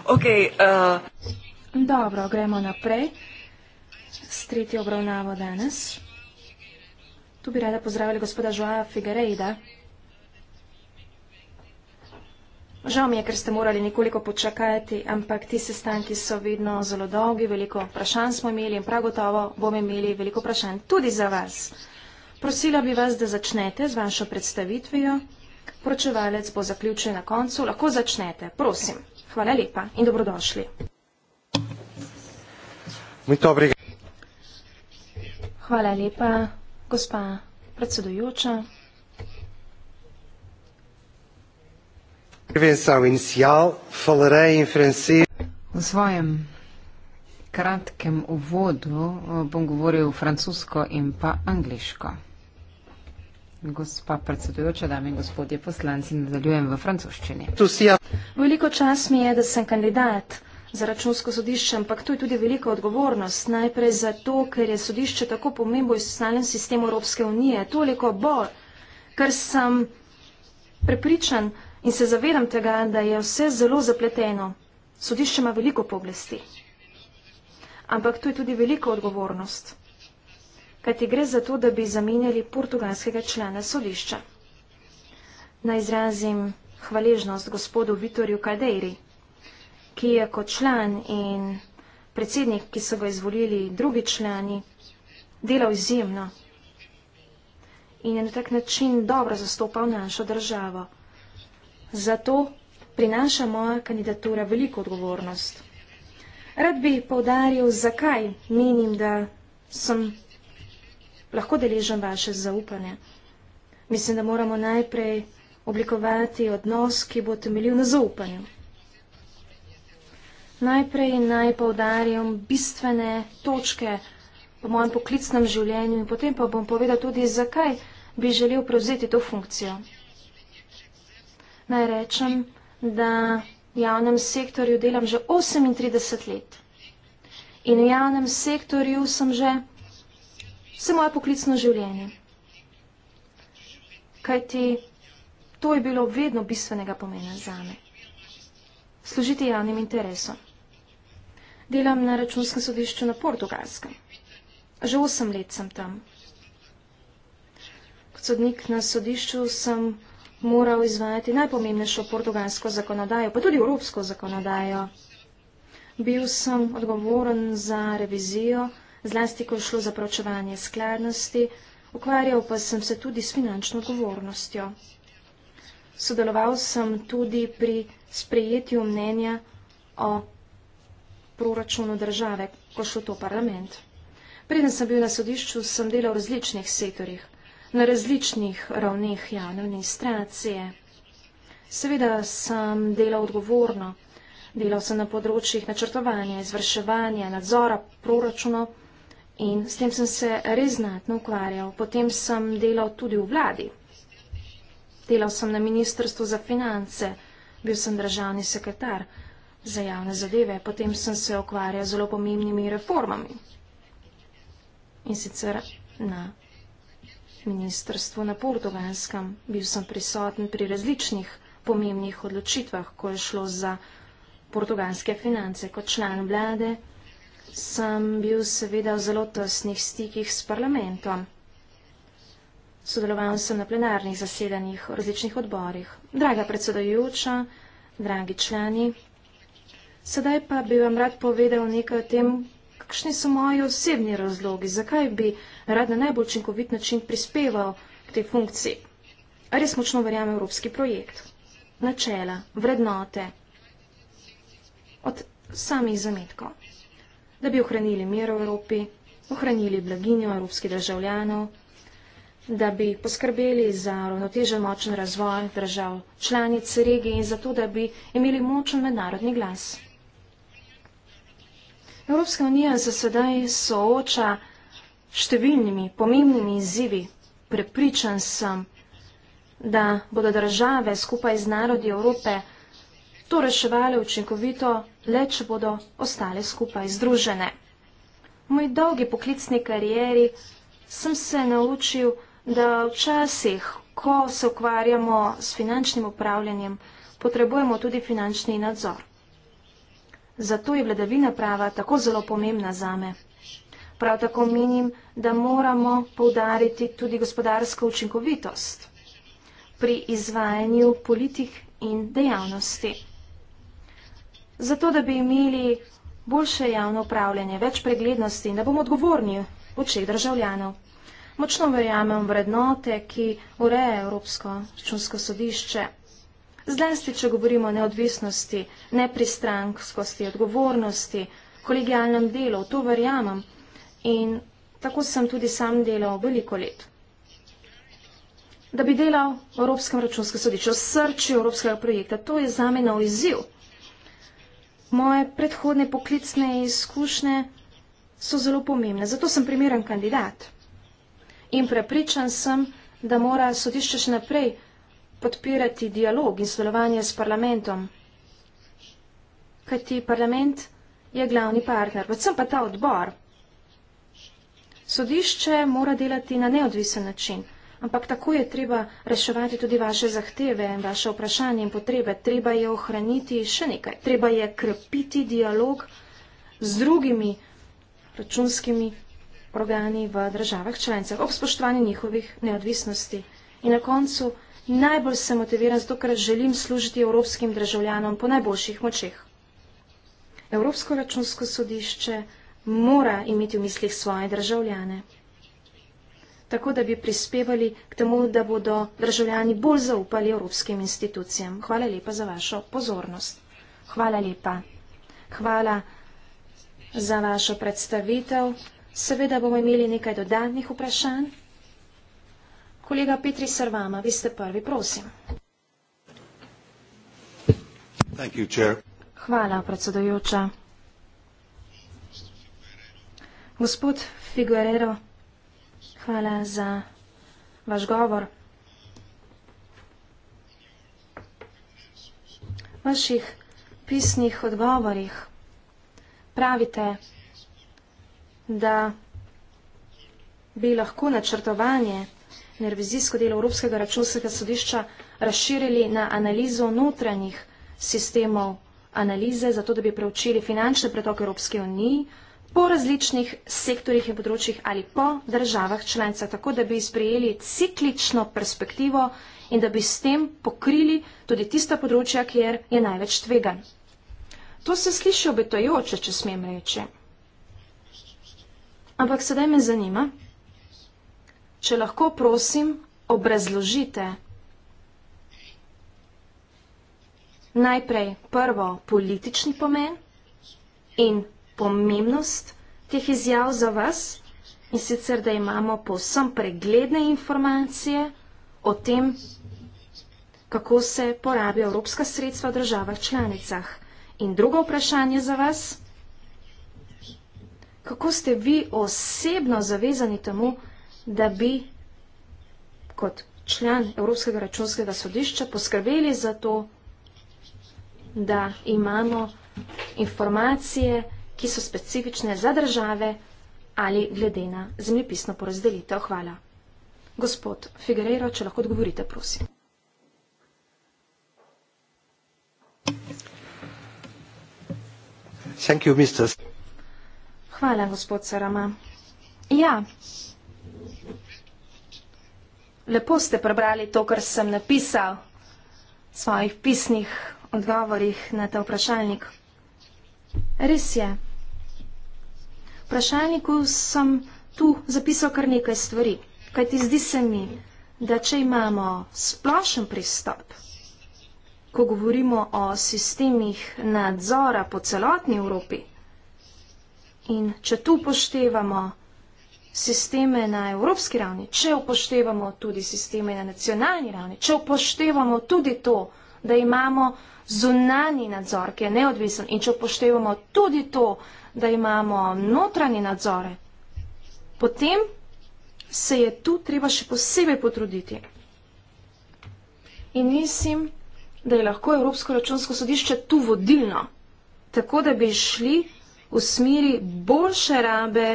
Okay, uh... Dobro, gremo naprej s tretjo obravnavo danes. Tu bi rada pozdravila gospoda Joaja Figarejda. Žal mi je, ker ste morali nekoliko počakati, ampak ti sestanki so vedno zelo dolgi, veliko vprašanj smo imeli in prav gotovo bomo imeli veliko vprašanj tudi za vas. Prosila bi vas, da začnete z vašo predstavitvijo. Pročevalec bo zaključen na koncu. Lahko začnete, prosim. Okay. Hvala lepa in dobrodošli. Hvala lepa, gospa predsedujoča. V svojem kratkem uvodu eh, bom govoril francosko in pa angliško. Gospa predsedujoča, dame in gospodje poslanci, nadaljujem v francoščini. Veliko čas mi je, da sem kandidat za računsko sodišče, ampak to je tudi velika odgovornost. Najprej zato, ker je sodišče tako pomembno v socialnem sistemu Evropske unije, toliko bolj, ker sem prepričan in se zavedam tega, da je vse zelo zapleteno. Sodišče ima veliko poglesti. Ampak to je tudi velika odgovornost kajti gre za to, da bi zamenjali portugalskega člena sodišča. Naj izrazim hvaležnost gospodu Vitorju Kadejri, ki je kot član in predsednik, ki so ga izvolili drugi člani, delal izjemno in je na tak način dobro zastopal našo državo. Zato prinaša moja kandidatura veliko odgovornost. Rad bi poudaril, zakaj menim, da sem lahko deležen vaše zaupanje. Mislim, da moramo najprej oblikovati odnos, ki bo temeljil na zaupanju. Najprej naj povdarjam bistvene točke po mojem poklicnem življenju in potem pa bom povedal tudi, zakaj bi želel prevzeti to funkcijo. Naj rečem, da v javnem sektorju delam že 38 let. In v javnem sektorju sem že vse moje poklicno življenje. Kaj ti, to je bilo vedno bistvenega pomena za me. Služiti javnim interesom. Delam na računskem sodišču na Portugalskem. Že osem let sem tam. Kot sodnik na sodišču sem moral izvajati najpomembnejšo portugalsko zakonodajo, pa tudi evropsko zakonodajo. Bil sem odgovoren za revizijo, zlasti ko je šlo za pravčevanje skladnosti, ukvarjal pa sem se tudi s finančno govornostjo. Sodeloval sem tudi pri sprejetju mnenja o proračunu države, ko šlo to parlament. Preden sem bil na sodišču, sem delal v različnih sektorjih, na različnih ravneh javne administracije. Seveda sem delal odgovorno, delal sem na področjih načrtovanja, izvrševanja, nadzora proračunov, In s tem sem se res znatno ukvarjal. Potem sem delal tudi v vladi. Delal sem na Ministrstvu za finance, bil sem državni sekretar za javne zadeve, potem sem se ukvarjal zelo pomembnimi reformami. In sicer na Ministrstvu na Portugalskem bil sem prisoten pri različnih pomembnih odločitvah, ko je šlo za portugalske finance kot član vlade sem bil seveda v zelo tesnih stikih s parlamentom. Sodeloval sem na plenarnih zasedanjih v različnih odborih. Draga predsedojuča, dragi člani, sedaj pa bi vam rad povedal nekaj o tem, kakšni so moji osebni razlogi, zakaj bi rad na najbolj učinkovit način prispeval k tej funkciji. Res močno verjamem evropski projekt. Načela, vrednote, od samih zametkov da bi ohranili mir v Evropi, ohranili blaginjo evropskih državljanov, da bi poskrbeli za ravnotežen močen razvoj držav članic regije in zato, da bi imeli močen mednarodni glas. Evropska unija se sedaj sooča številnimi pomembnimi izzivi. Prepričan sem, da bodo države skupaj z narodi Evrope to reševale učinkovito, le če bodo ostale skupaj združene. V moj dolgi poklicni karieri sem se naučil, da včasih, ko se ukvarjamo s finančnim upravljanjem, potrebujemo tudi finančni nadzor. Zato je vladavina prava tako zelo pomembna za me. Prav tako menim, da moramo poudariti tudi gospodarsko učinkovitost pri izvajanju politik in dejavnosti zato da bi imeli boljše javno upravljanje, več preglednosti in da bomo odgovorni v očeh državljanov. Močno verjamem vrednote, ki ureje Evropsko računsko sodišče. Zlasti, če govorimo o neodvisnosti, nepristrankosti, odgovornosti, kolegijalnem delu, to verjamem in tako sem tudi sam delal veliko let. Da bi delal v Evropskem računskem sodišču, v srči Evropskega projekta, to je za me nov izziv. Moje predhodne poklicne izkušnje so zelo pomembne, zato sem primeren kandidat. In prepričan sem, da mora sodišče še naprej podpirati dialog in sodelovanje s parlamentom. Kajti parlament je glavni partner, predvsem pa ta odbor. Sodišče mora delati na neodvisen način ampak tako je treba reševati tudi vaše zahteve, vaše vprašanje in potrebe. Treba je ohraniti še nekaj. Treba je krepiti dialog z drugimi računskimi organi v državah članicah ob spoštovanju njihovih neodvisnosti. In na koncu najbolj sem motiviran zato, ker želim služiti evropskim državljanom po najboljših močeh. Evropsko računsko sodišče mora imeti v mislih svoje državljane tako da bi prispevali k temu, da bodo državljani bolj zaupali evropskim institucijam. Hvala lepa za vašo pozornost. Hvala lepa. Hvala za vašo predstavitev. Seveda bomo imeli nekaj dodatnih vprašanj. Kolega Petri Srvama, vi ste prvi, prosim. Hvala, predsedojoča. Gospod Figuerero. Hvala za vaš govor. V vaših pisnih odgovorih pravite, da bi lahko načrtovanje nervizijsko delo Evropskega računskega sodišča razširili na analizo notranjih sistemov analize, zato da bi preučili finančne pretoke Evropske unije, po različnih sektorjih in področjih ali po državah članica, tako da bi sprejeli ciklično perspektivo in da bi s tem pokrili tudi tista področja, kjer je največ tvegan. To se sliši obetojoče, če smem reči. Ampak sedaj me zanima, če lahko prosim obrazložite najprej prvo politični pomen in pomembnost teh izjav za vas in sicer, da imamo povsem pregledne informacije o tem, kako se porabijo evropska sredstva v državah članicah. In drugo vprašanje za vas, kako ste vi osebno zavezani temu, da bi kot član Evropskega računskega sodišča poskrbeli za to, da imamo informacije, informacije, ki so specifične za države ali glede na zemljepisno porazdelitev. Hvala. Gospod Figueiredo, če lahko odgovorite, prosim. You, Hvala, gospod Sarama. Ja, lepo ste prebrali to, kar sem napisal v svojih pisnih odgovorih na ta vprašalnik. Res je vprašalniku sem tu zapisal kar nekaj stvari, kajti zdi se mi, da če imamo splošen pristop, ko govorimo o sistemih nadzora po celotni Evropi in če tu poštevamo sisteme na evropski ravni, če upoštevamo tudi sisteme na nacionalni ravni, če upoštevamo tudi to, da imamo zunani nadzor, ki je neodvisen in če upoštevamo tudi to, da imamo notranje nadzore, potem se je tu treba še posebej potruditi. In mislim, da je lahko Evropsko računsko sodišče tu vodilno, tako da bi šli v smeri boljše rabe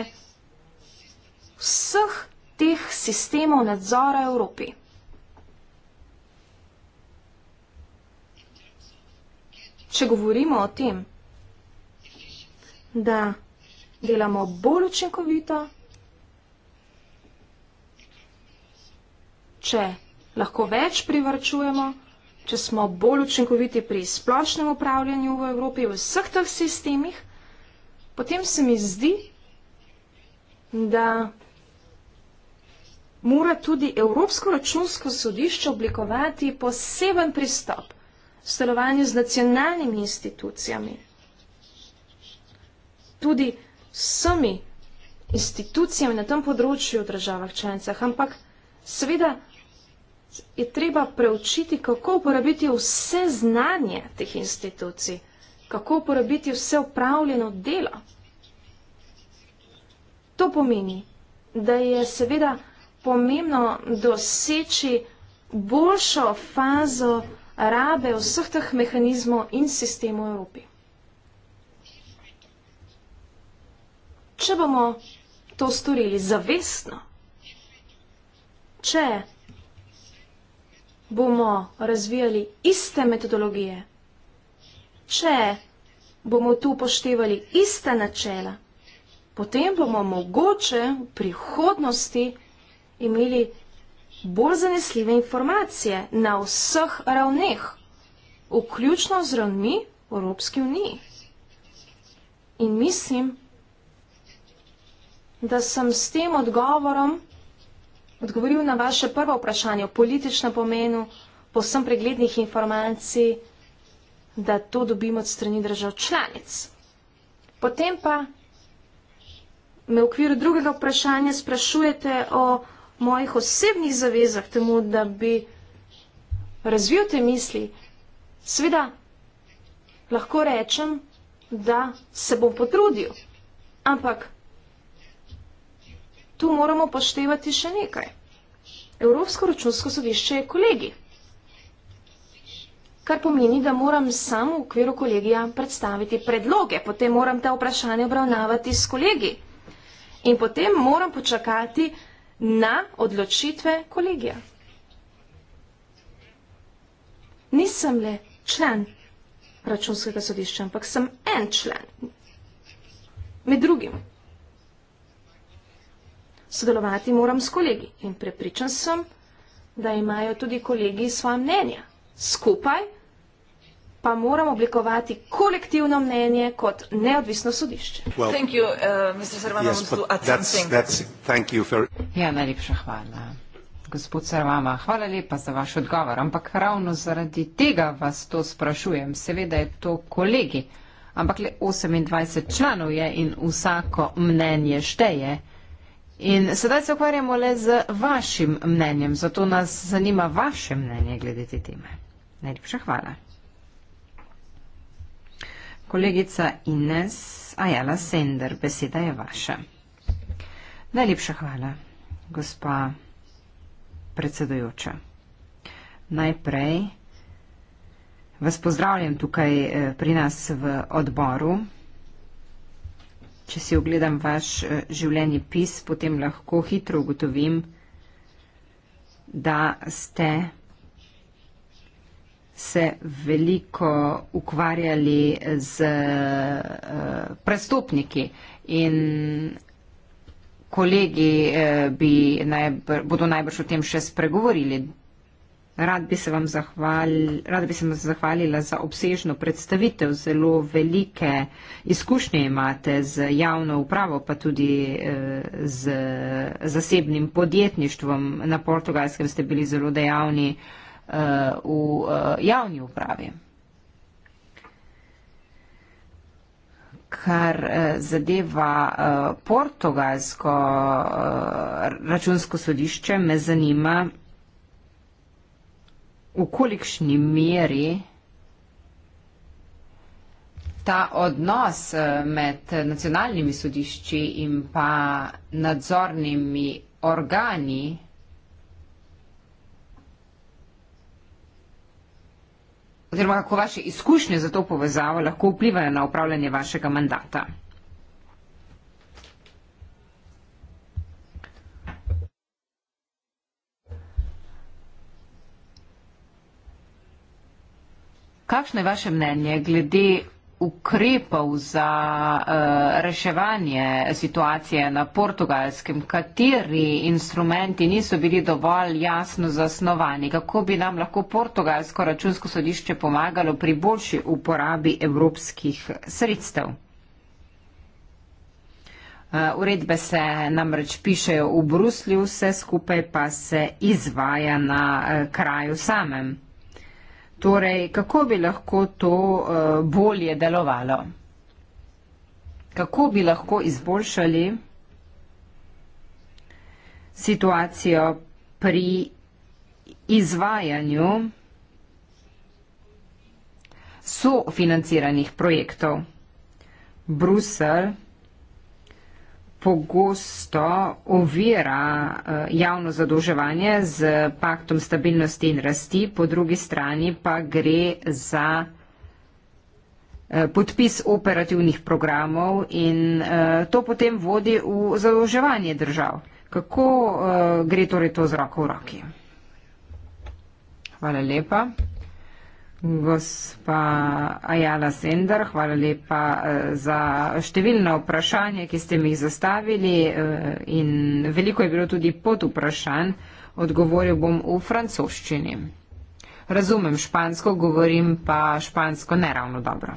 vseh teh sistemov nadzora Evropi. Če govorimo o tem, da delamo bolj učinkovito, če lahko več privrčujemo, če smo bolj učinkoviti pri splošnem upravljanju v Evropi, v vseh teh sistemih, potem se mi zdi, da mora tudi Evropsko računsko sodišče oblikovati poseben pristop v stelovanju z nacionalnimi institucijami tudi vsemi institucijami na tem področju v državah članicah, ampak seveda je treba preučiti, kako uporabiti vse znanje teh institucij, kako uporabiti vse upravljeno delo. To pomeni, da je seveda pomembno doseči boljšo fazo rabe vseh teh mehanizmov in sistemov Evropi. če bomo to storili zavestno, če bomo razvijali iste metodologije, če bomo tu poštevali iste načela, potem bomo mogoče v prihodnosti imeli bolj zanesljive informacije na vseh ravneh, vključno z ravni Evropske unije. In mislim, da da sem s tem odgovorom odgovoril na vaše prvo vprašanje o političnem pomenu povsem preglednih informacij, da to dobimo od strani držav članic. Potem pa me v okviru drugega vprašanja sprašujete o mojih osebnih zavezah temu, da bi razvil te misli. Sveda lahko rečem, da se bom potrudil, ampak tu moramo poštevati še nekaj. Evropsko računsko sodišče je kolegi, kar pomeni, da moram sam v okviru kolegija predstaviti predloge, potem moram ta vprašanja obravnavati s kolegi in potem moram počakati na odločitve kolegija. Nisem le član računskega sodišča, ampak sem en član. Med drugim sodelovati moram s kolegi. In prepričan sem, da imajo tudi kolegi svoje mnenja. Skupaj pa moramo oblikovati kolektivno mnenje kot neodvisno sodišče. Well, thank you, uh, yes, that's, that's, thank you for... Ja, najlepša hvala. Gospod Sarvama, hvala lepa za vaš odgovor, ampak ravno zaradi tega vas to sprašujem. Seveda je to kolegi, ampak le 28 članov je in vsako mnenje šteje. In sedaj se ukvarjamo le z vašim mnenjem, zato nas zanima vaše mnenje glede te teme. Najlepša hvala. Kolegica Ines Ajala Sender, beseda je vaša. Najlepša hvala, gospa predsedujoča. Najprej vas pozdravljam tukaj eh, pri nas v odboru če si ogledam vaš eh, življenje pis, potem lahko hitro ugotovim, da ste se veliko ukvarjali z eh, prestopniki in kolegi eh, bi najbr, bodo najbrž o tem še spregovorili. Rad bi se vam zahvalil, rada bi se vam zahvalila za obsežno predstavitev, zelo velike izkušnje imate z javno upravo, pa tudi eh, z zasebnim podjetništvom. Na portugalskem ste bili zelo dejavni eh, v eh, javni upravi. Kar zadeva portugalsko računsko sodišče, me zanima, v kolikšni meri ta odnos eh, med nacionalnimi sodišči in pa nadzornimi organi oziroma kako vaše izkušnje za to povezavo lahko vplivajo na upravljanje vašega mandata. Kakšno je vaše mnenje glede ukrepov za uh, reševanje situacije na portugalskem, kateri instrumenti niso bili dovolj jasno zasnovani, kako bi nam lahko portugalsko računsko sodišče pomagalo pri boljši uporabi evropskih sredstev. Eh, uredbe se namreč pišejo v Bruslju, vse skupaj pa se izvaja na eh, kraju samem. Torej, kako bi lahko to eh, bolje delovalo? Kako bi lahko izboljšali situacijo pri izvajanju sofinanciranih projektov? Brusel pogosto ovira eh, javno zadolževanje z paktom stabilnosti in rasti, po drugi strani pa gre za eh, podpis operativnih programov in eh, to potem vodi v zadolževanje držav. Kako gre torej to z roko v roki? Hvala lepa. Gospa Ajala Sender, hvala lepa eh, za številna vprašanja, ki ste mi jih zastavili eh, in veliko je bilo tudi pod vprašanj. Odgovoril bom v francoščini. Razumem špansko, govorim pa špansko neravno dobro.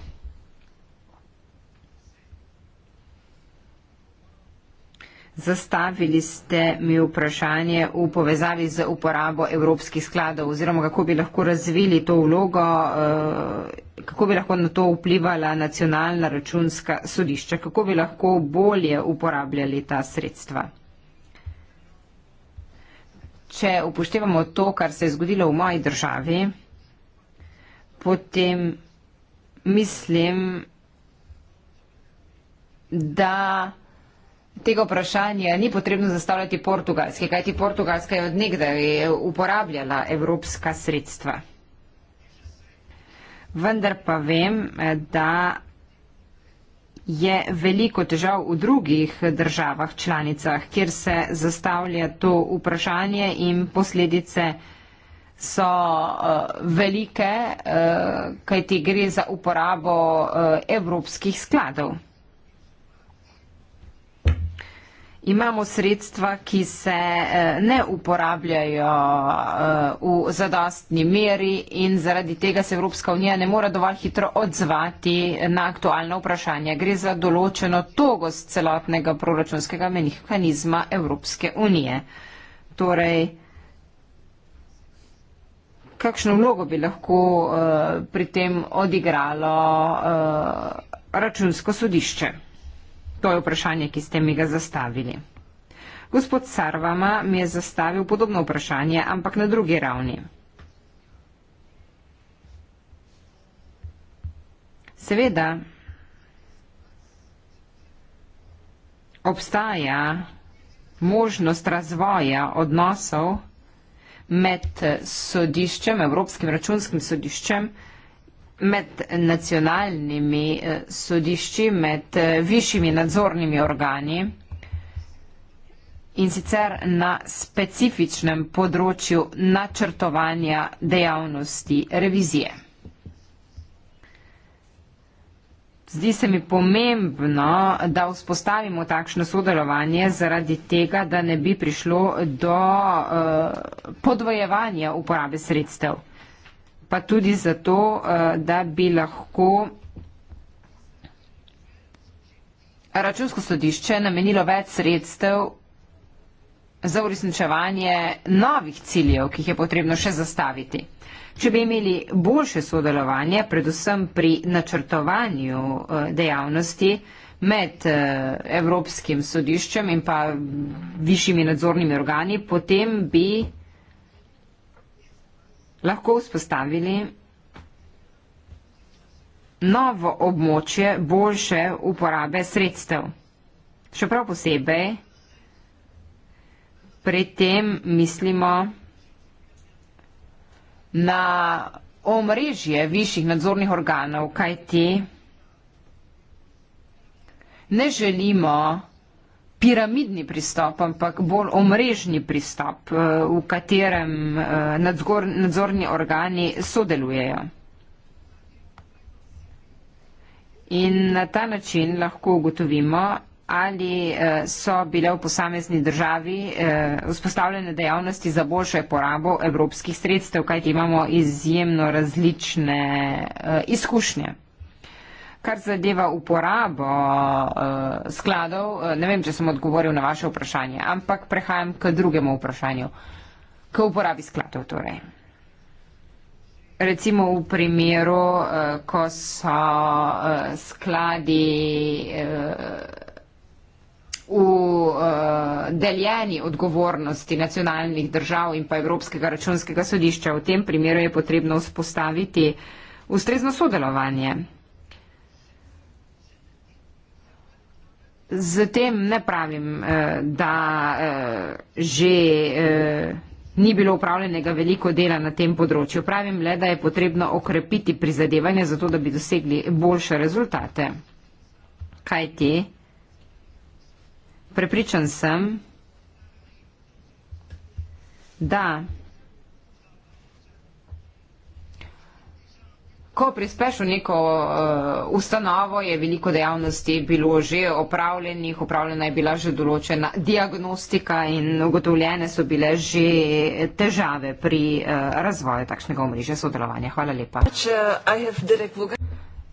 Zastavili ste mi vprašanje v povezavi z uporabo evropskih skladov oziroma kako bi lahko razvili to vlogo, eh, kako bi lahko na to vplivala nacionalna računska sodišča, kako bi lahko bolje uporabljali ta sredstva. Če upoštevamo to, kar se je zgodilo v moji državi, potem mislim, da Tega vprašanja ni potrebno zastavljati portugalski, kajti portugalska je odnegdaj uporabljala evropska sredstva. Vendar pa vem, da je veliko težav v drugih državah, članicah, kjer se zastavlja to vprašanje in posledice so eh, velike, eh, kajti gre za uporabo eh, evropskih skladov. imamo sredstva, ki se eh, ne uporabljajo eh, v zadostni meri in zaradi tega se Evropska unija ne more dovolj hitro odzvati na aktualna vprašanja. Gre za določeno togost celotnega proračunskega mehanizma Evropske unije. Torej, kakšno vlogo bi lahko eh, pri tem odigralo računsko sodišče? To je vprašanje, ki ste mi ga zastavili. Gospod Sarvama mi je zastavil podobno vprašanje, ampak na drugi ravni. Seveda obstaja možnost razvoja odnosov med sodiščem, Evropskim računskim sodiščem, med nacionalnimi eh, sodišči, med eh, višjimi nadzornimi organi in sicer na specifičnem področju načrtovanja dejavnosti revizije. Zdi se mi pomembno, da vzpostavimo takšno sodelovanje zaradi tega, da ne bi prišlo do eh, podvojevanja uporabe sredstev pa tudi zato, eh, da bi lahko računsko sodišče namenilo več sredstev za uresničevanje novih ciljev, ki jih je potrebno še zastaviti. Če bi imeli boljše sodelovanje, predvsem pri načrtovanju eh, dejavnosti med eh, Evropskim sodiščem in pa višjimi nadzornimi organi, potem bi lahko vzpostavili novo območje boljše uporabe sredstev. Še prav posebej pri tem mislimo na omrežje višjih nadzornih organov, kaj ti ne želimo vzpostaviti piramidni pristop, ampak bolj omrežni pristop, eh, v katerem eh, nadzor, nadzorni organi sodelujejo. In na ta način lahko ugotovimo, ali eh, so bile v posamezni državi vzpostavljene dejavnosti za boljše porabo evropskih sredstev, kajti imamo izjemno različne izkušnje. Kar zadeva uporabo uh, skladov, eh, ne vem, če sem odgovoril na vaše vprašanje, ampak prehajam k drugemu vprašanju. K uporabi skladov torej. Recimo v primeru, uh, ko so uh, skladi uh, v uh, deljeni odgovornosti nacionalnih držav in pa Evropskega računskega sodišča, v tem primeru je potrebno vzpostaviti ustrezno sodelovanje. Z tem ne pravim, eh, da eh, že eh, ni bilo upravljenega veliko dela na tem področju. Pravim le, da je potrebno okrepiti prizadevanje za to, da bi dosegli boljše rezultate. Kaj ti? Prepričan sem, da ko prispeš v neko uh, ustanovo, je veliko dejavnosti bilo že opravljenih, opravljena je bila že določena diagnostika in ugotovljene so bile že težave pri uh, razvoju takšnega omrežja sodelovanja. Hvala lepa.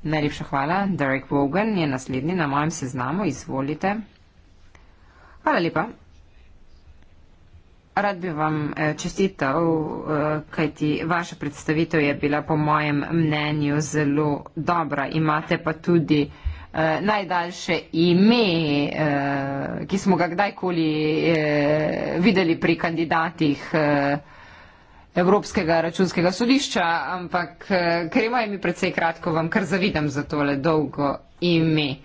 Najlepša hvala. Derek Vogan je naslednji na mojem seznamu. Izvolite. Hvala lepa. Rad bi vam eh, čestital, eh, kajti vaša predstavitev je bila po mojem mnenju zelo dobra. Imate pa tudi eh, najdaljše ime, ki smo ga kdajkoli videli pri kandidatih Evropskega računskega sodišča, ampak ker ima ime precej kratko, vam kar zavidam za tole dolgo ime.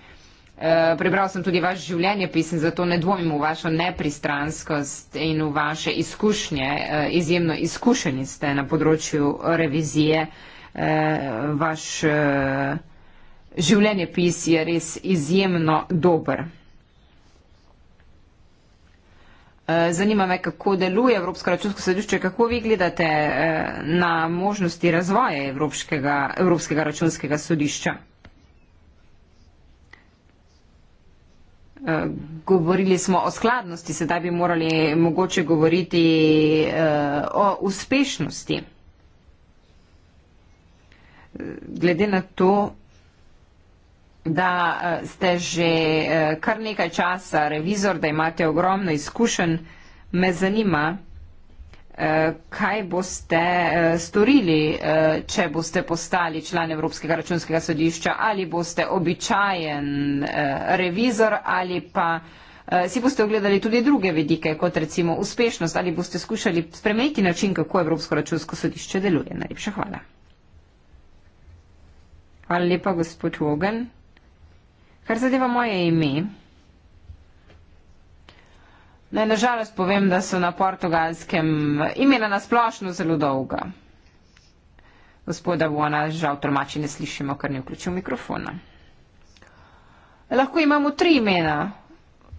Eh, prebral sem tudi vaš življenjepis in zato ne dvomim v vašo nepristranskost in v vaše izkušnje. Eh, izjemno izkušeni ste na področju revizije. Eh, vaš življenjepis je res izjemno dober. Zanima me, kako deluje Evropsko računsko sodišče, kako vi gledate na možnosti razvoja Evropskega, Evropskega računskega sodišča. Eh, govorili smo o skladnosti, sedaj bi morali mogoče govoriti eh, o uspešnosti. Glede na to, da eh, ste že kar nekaj časa revizor, da imate ogromno izkušenj, me zanima, Eh, kaj boste eh, storili, eh, če boste postali član Evropskega računskega sodišča? Ali boste običajen revizor ali pa si boste ogledali tudi druge vidike, kot recimo uspešnost? Ali boste skušali spremeniti način, kako Evropsko računsko sodišče deluje? Najlepša hvala. Hvala lepa, gospod Vogan. Kar zadeva moje ime, Ne, nažalost povem, da so na portugalskem imena nasplošno zelo dolga. Gospoda Vona, žal tromači ne slišimo, ker ni vključil mikrofona. Lahko imamo tri imena.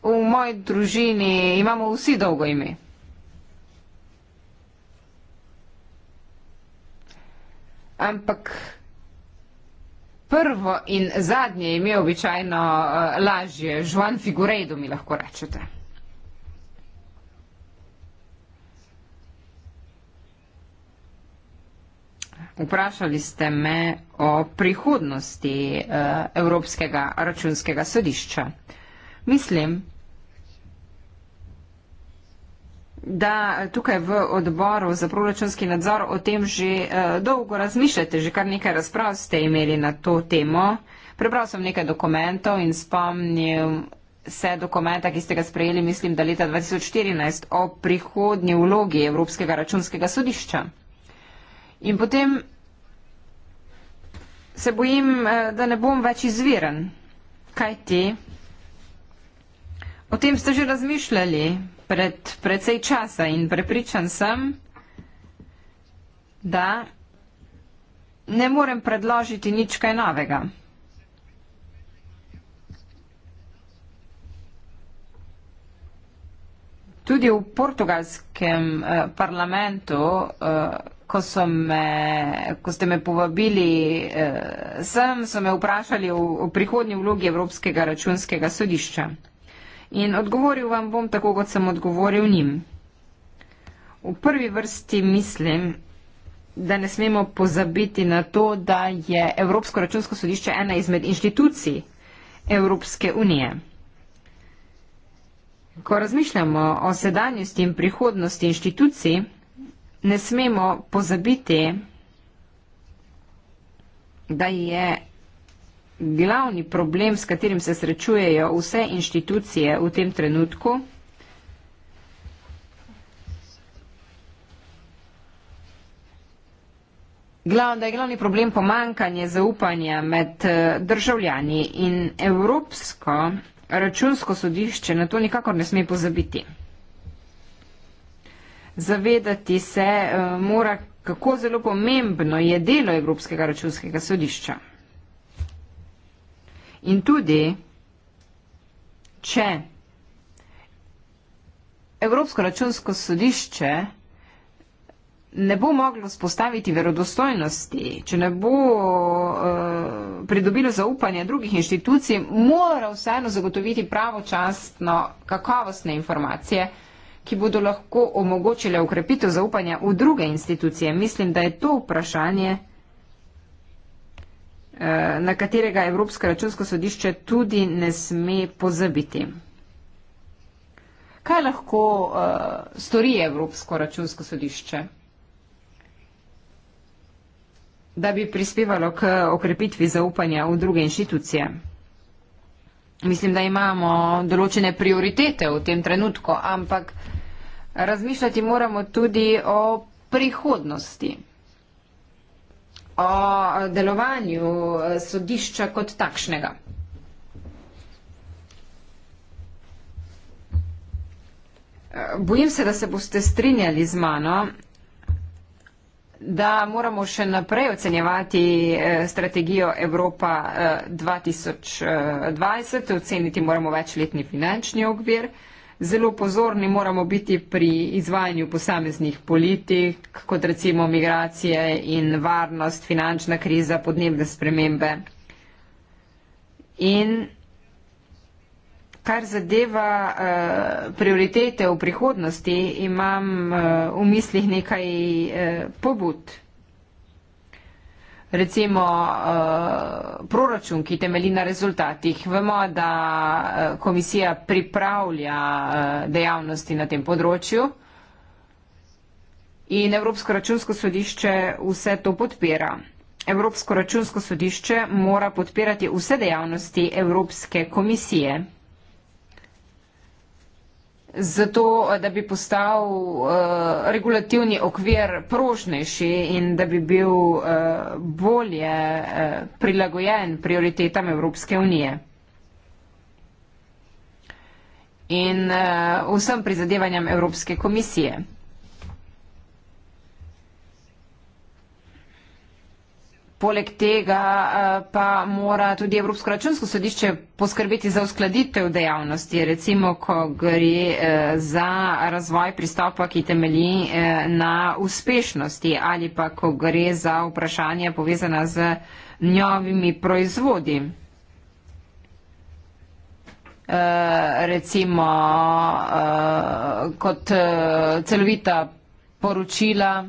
V moji družini imamo vsi dolgo ime. Ampak prvo in zadnje ime običajno uh, lažje. Žuan Figuredo mi lahko rečete. Vprašali ste me o prihodnosti eh, Evropskega računskega sodišča. Mislim, da tukaj v odboru za proračunski nadzor o tem že eh, dolgo razmišljate, že kar nekaj razprav ste imeli na to temo. Prebral sem nekaj dokumentov in spomnil se dokumenta, ki ste ga sprejeli, mislim, da leta 2014 o prihodnji vlogi Evropskega računskega sodišča. In potem se bojim, eh, da ne bom več izviren. Kaj ti? O tem ste že razmišljali pred precej časa in prepričan sem, da ne morem predložiti nič kaj novega. Tudi v portugalskem eh, parlamentu eh, ko, sem, eh, ko ste me povabili eh, sem, so me vprašali o, o prihodnji vlogi Evropskega računskega sodišča. In odgovoril vam bom tako, kot sem odgovoril njim. V prvi vrsti mislim, da ne smemo pozabiti na to, da je Evropsko računsko sodišče ena izmed inštitucij Evropske unije. Ko razmišljamo o sedanjosti in prihodnosti inštitucij, ne smemo pozabiti, da je glavni problem, s katerim se srečujejo vse inštitucije v tem trenutku, da je glavni problem pomankanje zaupanja med eh, državljani in Evropsko računsko sodišče na to nikakor ne sme pozabiti zavedati se eh, mora, kako zelo pomembno je delo Evropskega računskega sodišča. In tudi, če Evropsko računsko sodišče ne bo moglo spostaviti verodostojnosti, če ne bo uh, pridobilo zaupanje drugih inštitucij, mora vseeno zagotoviti pravočasno kakovostne informacije uh, ki bodo lahko omogočile ukrepitev zaupanja v druge institucije. Mislim, da je to vprašanje, eh, na katerega Evropsko računsko sodišče tudi ne sme pozabiti. Kaj lahko uh, stori Evropsko računsko sodišče, da bi prispevalo k okrepitvi zaupanja v druge inštitucije? Mislim, da imamo določene prioritete v tem trenutku, ampak uh, razmišljati moramo tudi o prihodnosti, o delovanju eh, sodišča kot takšnega. Eh, bojim se, da se boste strinjali z mano, da moramo še naprej ocenjevati eh, strategijo Evropa 2020, oceniti moramo večletni finančni okvir zelo pozorni moramo biti pri izvajanju posameznih politik, kot recimo migracije in varnost, finančna kriza, podnebne spremembe. In kar zadeva eh, prioritete v prihodnosti, imam eh, v mislih nekaj eh, pobud recimo eh, proračun, ki temelji na rezultatih. Vemo, da eh, komisija pripravlja eh, dejavnosti na tem področju in Evropsko računsko sodišče vse to podpira. Evropsko računsko sodišče mora podpirati vse dejavnosti Evropske komisije zato, da bi postal uh, regulativni okvir prožnejši in da bi bil uh, bolje uh, prilagojen prioritetam Evropske unije. In uh, vsem prizadevanjem Evropske komisije. Poleg tega eh, pa mora tudi Evropsko računsko sodišče poskrbeti za uskladitev dejavnosti, recimo, ko gre eh, za razvoj pristopa, ki temelji eh, na uspešnosti ali pa ko gre za vprašanja povezana z njovimi proizvodi. Uh, recimo uh, kot uh, celovita poročila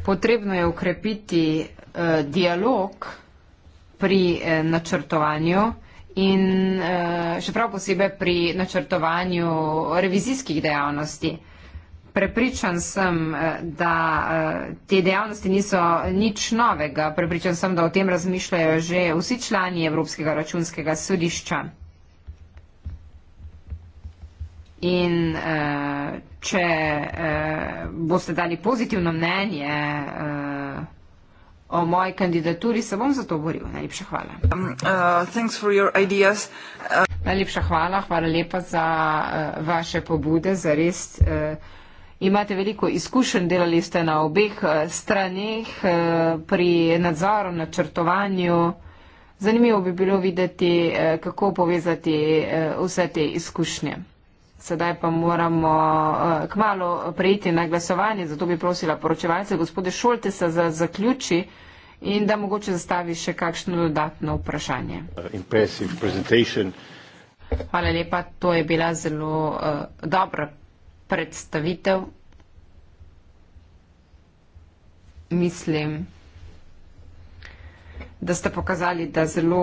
Potrebno je ukrepiti eh, dialog pri eh, načrtovanju in eh, še prav posebej pri načrtovanju revizijskih dejavnosti. Prepričan sem, eh, da eh, te dejavnosti niso nič novega. Prepričan sem, da o tem razmišljajo že vsi člani Evropskega računskega sodišča. In uh, če uh, boste dali pozitivno mnenje uh, o moji kandidaturi, se bom za to boril. Najlepša hvala. Um, uh, uh Najlepša hvala, hvala lepa za uh, vaše pobude, za res uh, imate veliko izkušenj, delali ste na obeh uh, straneh uh, pri nadzoru, načrtovanju. Zanimivo bi bilo videti, uh, kako povezati uh, vse te izkušnje. Sedaj pa moramo eh, kmalo prejiti na glasovanje, zato bi prosila poročevalce, gospode Šoltesa, za zaključi in da mogoče zastavi še kakšno dodatno vprašanje. Uh, Hvala lepa, to je bila zelo uh, dobra predstavitev. Mislim da ste pokazali, da zelo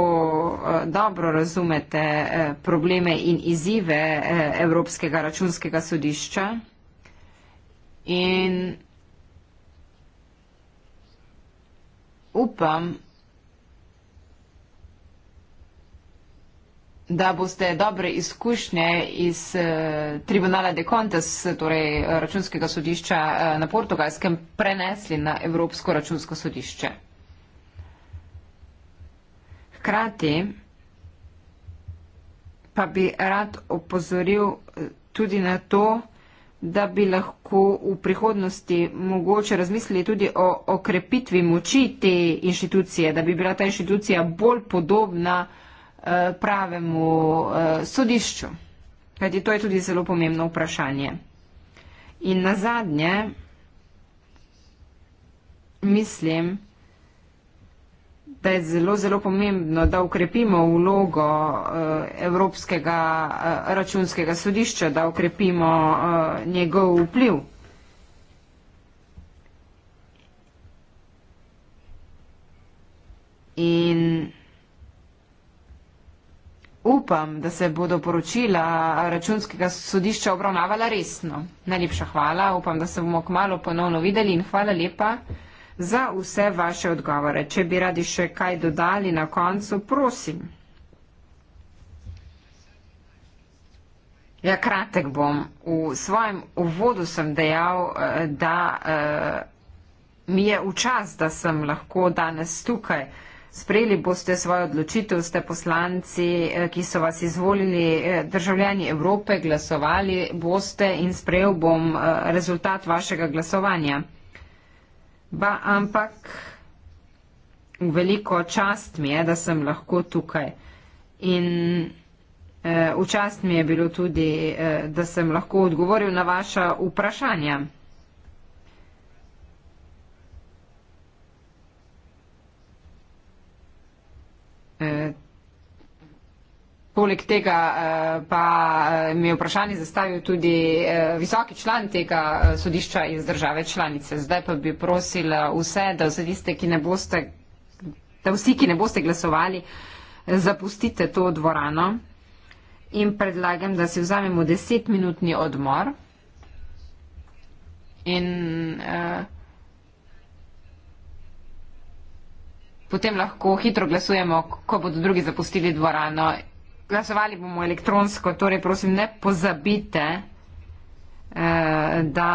eh, dobro razumete eh, probleme in izzive eh, Evropskega računskega sodišča. In upam, da boste dobre izkušnje iz eh, Tribunala de Contes, torej računskega sodišča eh, na portugalskem, prenesli na Evropsko računsko sodišče hkrati pa bi rad opozoril eh, tudi na to, da bi lahko v prihodnosti mogoče razmislili tudi o okrepitvi moči te inštitucije, da bi bila ta inštitucija bolj podobna eh, pravemu eh, sodišču. Kajti to je tudi zelo pomembno vprašanje. In na zadnje, mislim, da da je zelo, zelo pomembno, da ukrepimo vlogo eh, Evropskega eh, računskega sodišča, da ukrepimo eh, njegov vpliv. In upam, da se bodo poročila računskega sodišča obravnavala resno. Najlepša hvala, upam, da se bomo kmalo ponovno videli in hvala lepa za vse vaše odgovore. Če bi radi še kaj dodali na koncu, prosim. Ja, kratek bom. V svojem uvodu sem dejal, eh, da eh, mi je v čas, da sem lahko danes tukaj. Sprejeli boste svojo odločitev, ste poslanci, eh, ki so vas izvolili, državljani Evrope, glasovali boste in sprejel bom rezultat vašega glasovanja. Ba, ampak veliko čast mi je, da sem lahko tukaj. In eh, včast mi je bilo tudi, eh, da sem lahko odgovoril na vaša vprašanja. Eh, Poleg tega eh, pa eh, mi je vprašanje zastavil tudi eh, visoki član tega sodišča iz države članice. Zdaj pa bi prosila vse, da vse tiste, ki ne boste, da vsi, ki ne boste glasovali, zapustite to dvorano in predlagam, da si vzamemo desetminutni odmor. In eh, potem lahko hitro glasujemo, ko bodo drugi zapustili dvorano. Glasovali bomo elektronsko, torej prosim, ne pozabite, eh, da